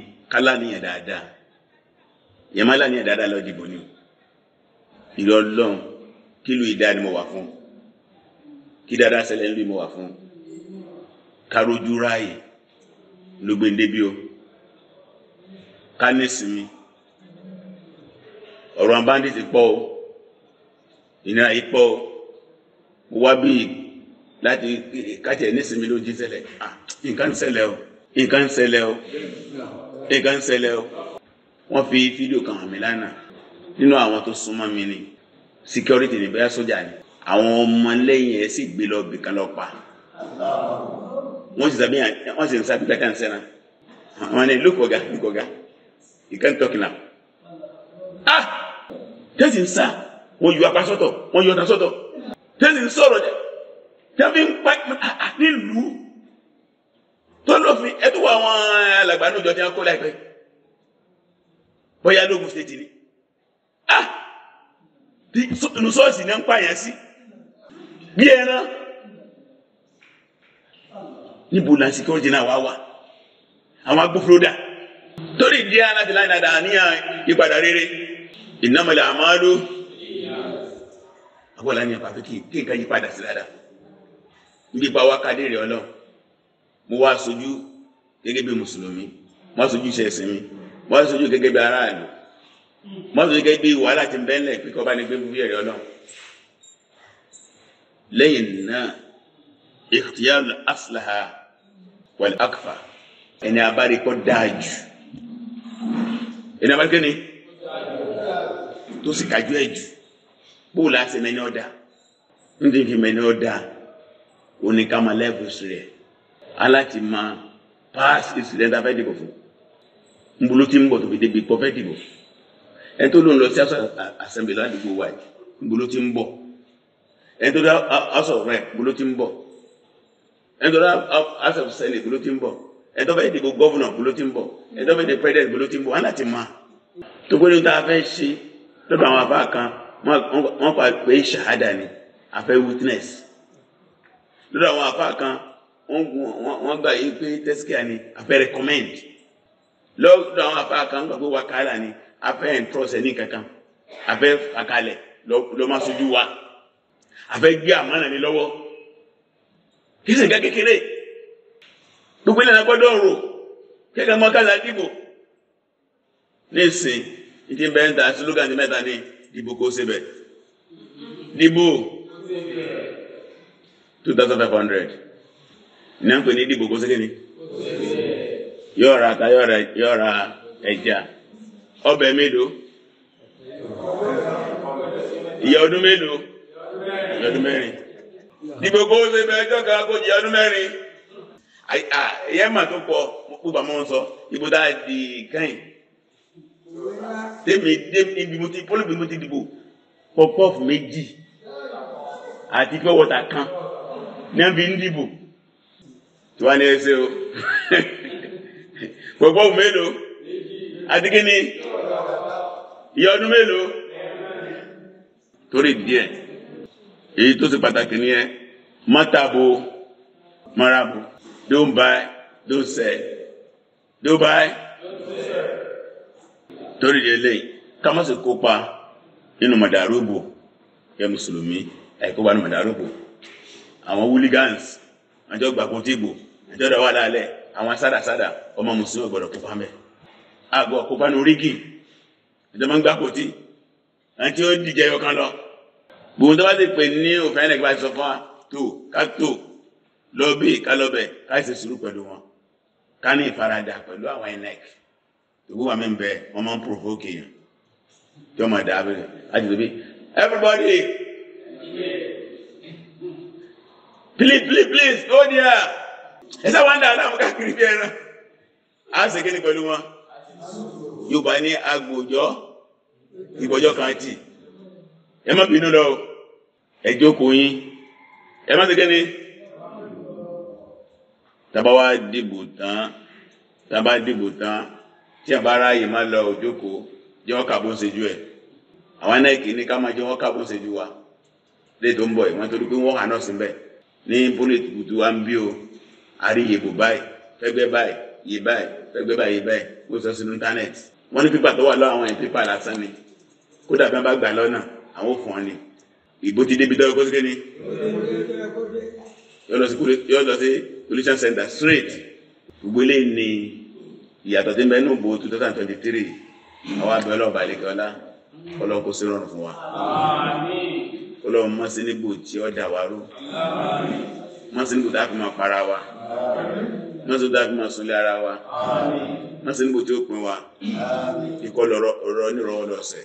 [SPEAKER 1] Kala nìyẹn dáadáa yẹn má láníyàn lọ dìbò ni ìlú ọlọ́run kí ìdá ni mo wà fún kí dáadáa ṣẹlẹ̀ ń lu mo wà fún karojú ráàyè ló gbé débi o ká ní sinmi ọ̀rọ̀ abáńdìtì pọ̀ o ìnira yìí pọ̀ o mo wá bí láti kájẹ̀ ní sinmi ló jí ṣẹlẹ̀ ah, nǹkan ń ṣẹlẹ̀ o nǹkan ń ṣẹlẹ̀ o nǹkan ń ṣẹlẹ̀ o wọ́n fi fídíò kan hàn mí lánàá nínú àwọn tó súnmọ́ mi ni security ní bẹ́ẹ̀ sójà ni àwọn ọmọlẹ́yìn ẹ̀ sì gbé lọ bìkan lọ pa wọ́n sì sábẹ́ wọ́n sì ń sábẹ́ pẹ́ẹ́tà ń sẹ́nà àwọn ẹni lóko ọ̀gá lóko ọ̀gá you can talk now ah tẹ́sí ń sá wọ́n yọ apá sọ́tọ̀ wọ́n yọ ọ̀dà sọ́tọ̀ tẹ́sí ń sọ̀rọ̀ jẹ́ tẹ́sí ń pa ah, ah, nílùú tó lófin ẹdúwọ àwọn alàgbà ní ìjọ tí wọ́n kó láìpẹ́ bóyá lóògùn stéjì ni ah nù sọ́ọ̀sì ní ń pààyàn sí bí ẹran níbo la security náà wá wá àwọn agbófinró dà torí ìdí aláti láì dáadáa ní ìpadà rere ìnámọ̀lẹ̀ àmàlú àgbọ̀lá ní àpàfẹ́ kí nǹkan yípadà sí dáadáa níbi pa wákàdé rẹ̀ ọlọ́run mo wá sojú gẹ́gẹ́ bí mùsùlùmí mo sojú iṣẹ́ ẹ̀sìn mi mo sojú gẹ́gẹ́ bí aráàlú mo sojú gẹ́gẹ́ bí wàhálà ti ń bẹ́ńlẹ̀ pé kọ́ bá ní gbé fúfú ẹ̀rẹ́ ọlọ́run lẹ́yìn náà ikhtiyar aslaha wal akfa ẹni abárí kọ́ ẹni abárí kẹ́ni tó sì kájú ẹ̀ jù bó láti ọ̀dà ń dín fi mẹ́ni ọ̀dà oníkàmọ́ lẹ́bùsù rẹ̀ aláti máa pass incident afẹ́ dìbò fún un bolo ti ń bọ̀ tó fi débi pọ̀ fẹ́ dìbò ẹni tó ló ń lọ sí assembly ládùúgbò wa yìí bolo ti ń bọ̀ ẹni tó dá house of rep ti ń bọ̀ ẹni tó dá house of senate ti ń bọ̀ ẹni tó fẹ́ dìbò governor bolo ti ń bọ̀ ẹni tó fẹ́ dìbò president bolo ti ń bọ̀ aláti máa tó gbé ní ta fẹ́ ṣe lọ́dọ̀ àwọn afá kan wọ́n pa pé ṣahada ni afẹ́ witness lọ́dọ̀ àwọn afá kan wọ́n gbà yí pé tẹ́síkíà ni afẹ́ recommend lọ́dọ̀ àwọn afẹ́ kan gbà pé wàkálà ni afẹ́ ẹ̀ńtrọ́sẹ̀ ní kankan afẹ́ àkàlẹ̀ ló máa sojú wa afẹ́ gbé àmánà ní lọ́wọ́ kí sì ń gẹ́ kékeré gbogbo ìlànà gbọ́dọ̀ rò kẹ́kẹ́ mọ́ kálá dìbò ní ìsìn ìdí bẹ́ẹ̀ ń ta slogan ní mẹ́ta ní dìbò kó síbẹ̀ dìbò hundred iná ń pè ní ìdìbò kó sí kíni yóò ra ata yóò ra ẹja ọbẹ̀ mélòó ìyá ọdún mélòó ìyá ọdún mẹ́rin ìdìbò kó sí bẹ́ẹ̀ ẹjọ́ kan kó jẹ ọdún mẹ́rin ìyá ẹ̀ma tó pọ̀ púpà mọ́ sọ ìbò dáa di kẹ́yìn tèmi ibi mo ti pólíbi mo ti dìbò pọpọ́ọ̀fù méjì àti pé wọ́tà kan ní fi ń dìbò tiwani ẹsẹ o gbogbo ọdún mélòó adigini iye ọdún mélòó torí díẹ̀ èyí tó ṣe pàtàkì nìyẹn mọtàbó marabo don't buy don't sell don't buy torí délé kámọ́sì kópa nínú mọ̀dàrúbù ẹ mùsùlùmí ẹ̀kọ́ wa ní mọ̀dàrúbù àwọn hooligans àjọ gbàgbọ́ tí gbò ìjọdọ̀ wà lálẹ́ àwọn sádàsádà ọmọ mùsùlùmí gbọ́dọ̀ kó pa àgọ́ kó bá rígì ìjọba ń gbá kòtí àti ó dìjẹ ọkàn lọ gbogbo tó bá ti pè ní òfin ẹnìkan sọ fún wa tó ká tó lọ bí ká ká ṣe sùúrù pẹ̀lú wọn ká ní ìfaradà pẹ̀lú àwọn INEC ìwú wa mi ń bẹ wọn máa ń provoke yẹn tí wọn máa dà á láti lè bí everybody please please please go di ese wọ́n dáadáa mú káàkiri a ṣe kí ni wọn yóò bá ní agbòjọ́ ìgbòjọ́ kan ti ẹ má bínú lọ ẹ yín ẹ má kí ni tàbá dìbò tán dìbò tán tí má lọ òjòkó jẹ́ wọ́n àwọn ká wa ń bọ̀ ẹ̀ wọ́n torí pé wọ́n sí bẹ́ẹ̀ ní àrí ìbò báyìí fẹ́gbẹ́ báyìí yé báyìí fẹ́gbẹ́ báyìí yé báyìí ó sọ sínú internet. wọ́n ní pípà tó wà lọ́wọ́ àwọn yẹn pípà lásán ni kódà bí wọ́n bá gbà lọ́nà àwọn ò fún ọ ni ìbò ti débi dọ́wọ́ kọ́síkẹ́ ni yóò lọ sí pollution center straight gbogbo eléyìí ni ìyàtọ̀ tí ń bẹ nínú ìbò two thousand twenty three àwọn abẹ́ ọlọ́ọ̀bà àlekẹ́ọ́lá ọlọ́run kó sí rọrùn fún wa ọlọ́run mọ́ sí níbò tí ó dà rú mọ́sìnbù dákun máa para wa mọ́sìnbù dákun máa súnlé ara wa mọ́sìnbù tí ó pin wa ikọ̀ lọ́rọ̀ nírọ̀wọ́ lọ́sẹ̀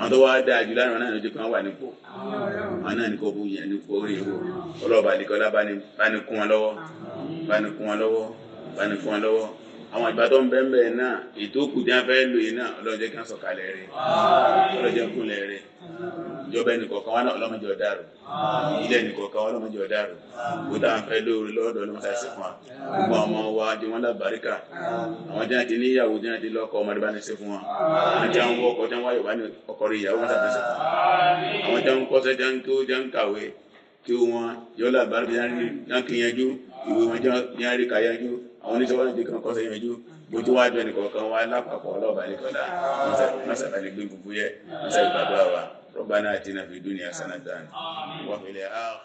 [SPEAKER 1] àwọn tó wá dáa jù lánàá náà lójú kan wà nípò àwọn náà ní bú yẹn nípò orí ìwò ọlọ́ọ̀bà nìkan lábánikún wọn lọ́wọ́ bánikún wọn lọ́wọ́ bánikún wọn lọ́wọ́ àwọn ìgbà tó ń bẹ́ ń bẹ́ náà ètò òkú tí a fẹ́ lò yìí náà ọlọ́jẹ́ kí a sọ kalẹ̀ rẹ̀ ọlọ́jẹ́ kúnlẹ̀ rẹ̀ ìjọba ẹnìkọ̀ọ̀kan wọn ọlọ́mọdé ọ̀dàrù ilẹ̀ ẹnìkọ̀ọ̀kan ọlọ́mọdé ọ̀dàrù kó tá à ń fẹ́ lóore lọ́dọ̀ ọlọ́mọdé fún wa gbogbo ọmọ wa jẹ wọn lábàríkà àwọn jẹ́ àti níyàwó jẹ́ àti lọ́kọ ọmọdé bá ní sí fún wa àwọn jẹ́ àwọn ọkọ̀ jẹ́ wáyọ̀ wá ní ọkọ̀ rẹ̀ ìyàwó sábẹ́ sí fún wa àwọn jẹ́ ń kọ́sẹ́ jẹ́ ń jẹ́ ń kàwé kí wọn yọ àwọn oníṣòwò ti kan kọ́sẹ̀ yẹn jú bójú wájú ẹnì kọ̀ọ̀kan wá lápapọ̀ ọlọ́ọ̀bà ní kọ́lá mọ́sàbà ní gbé gbogbo yẹ mọ́sàbà gbàdúrà wa rọ́bà náà ti náà fi dúnìá sanadán wọ́n fi lè áà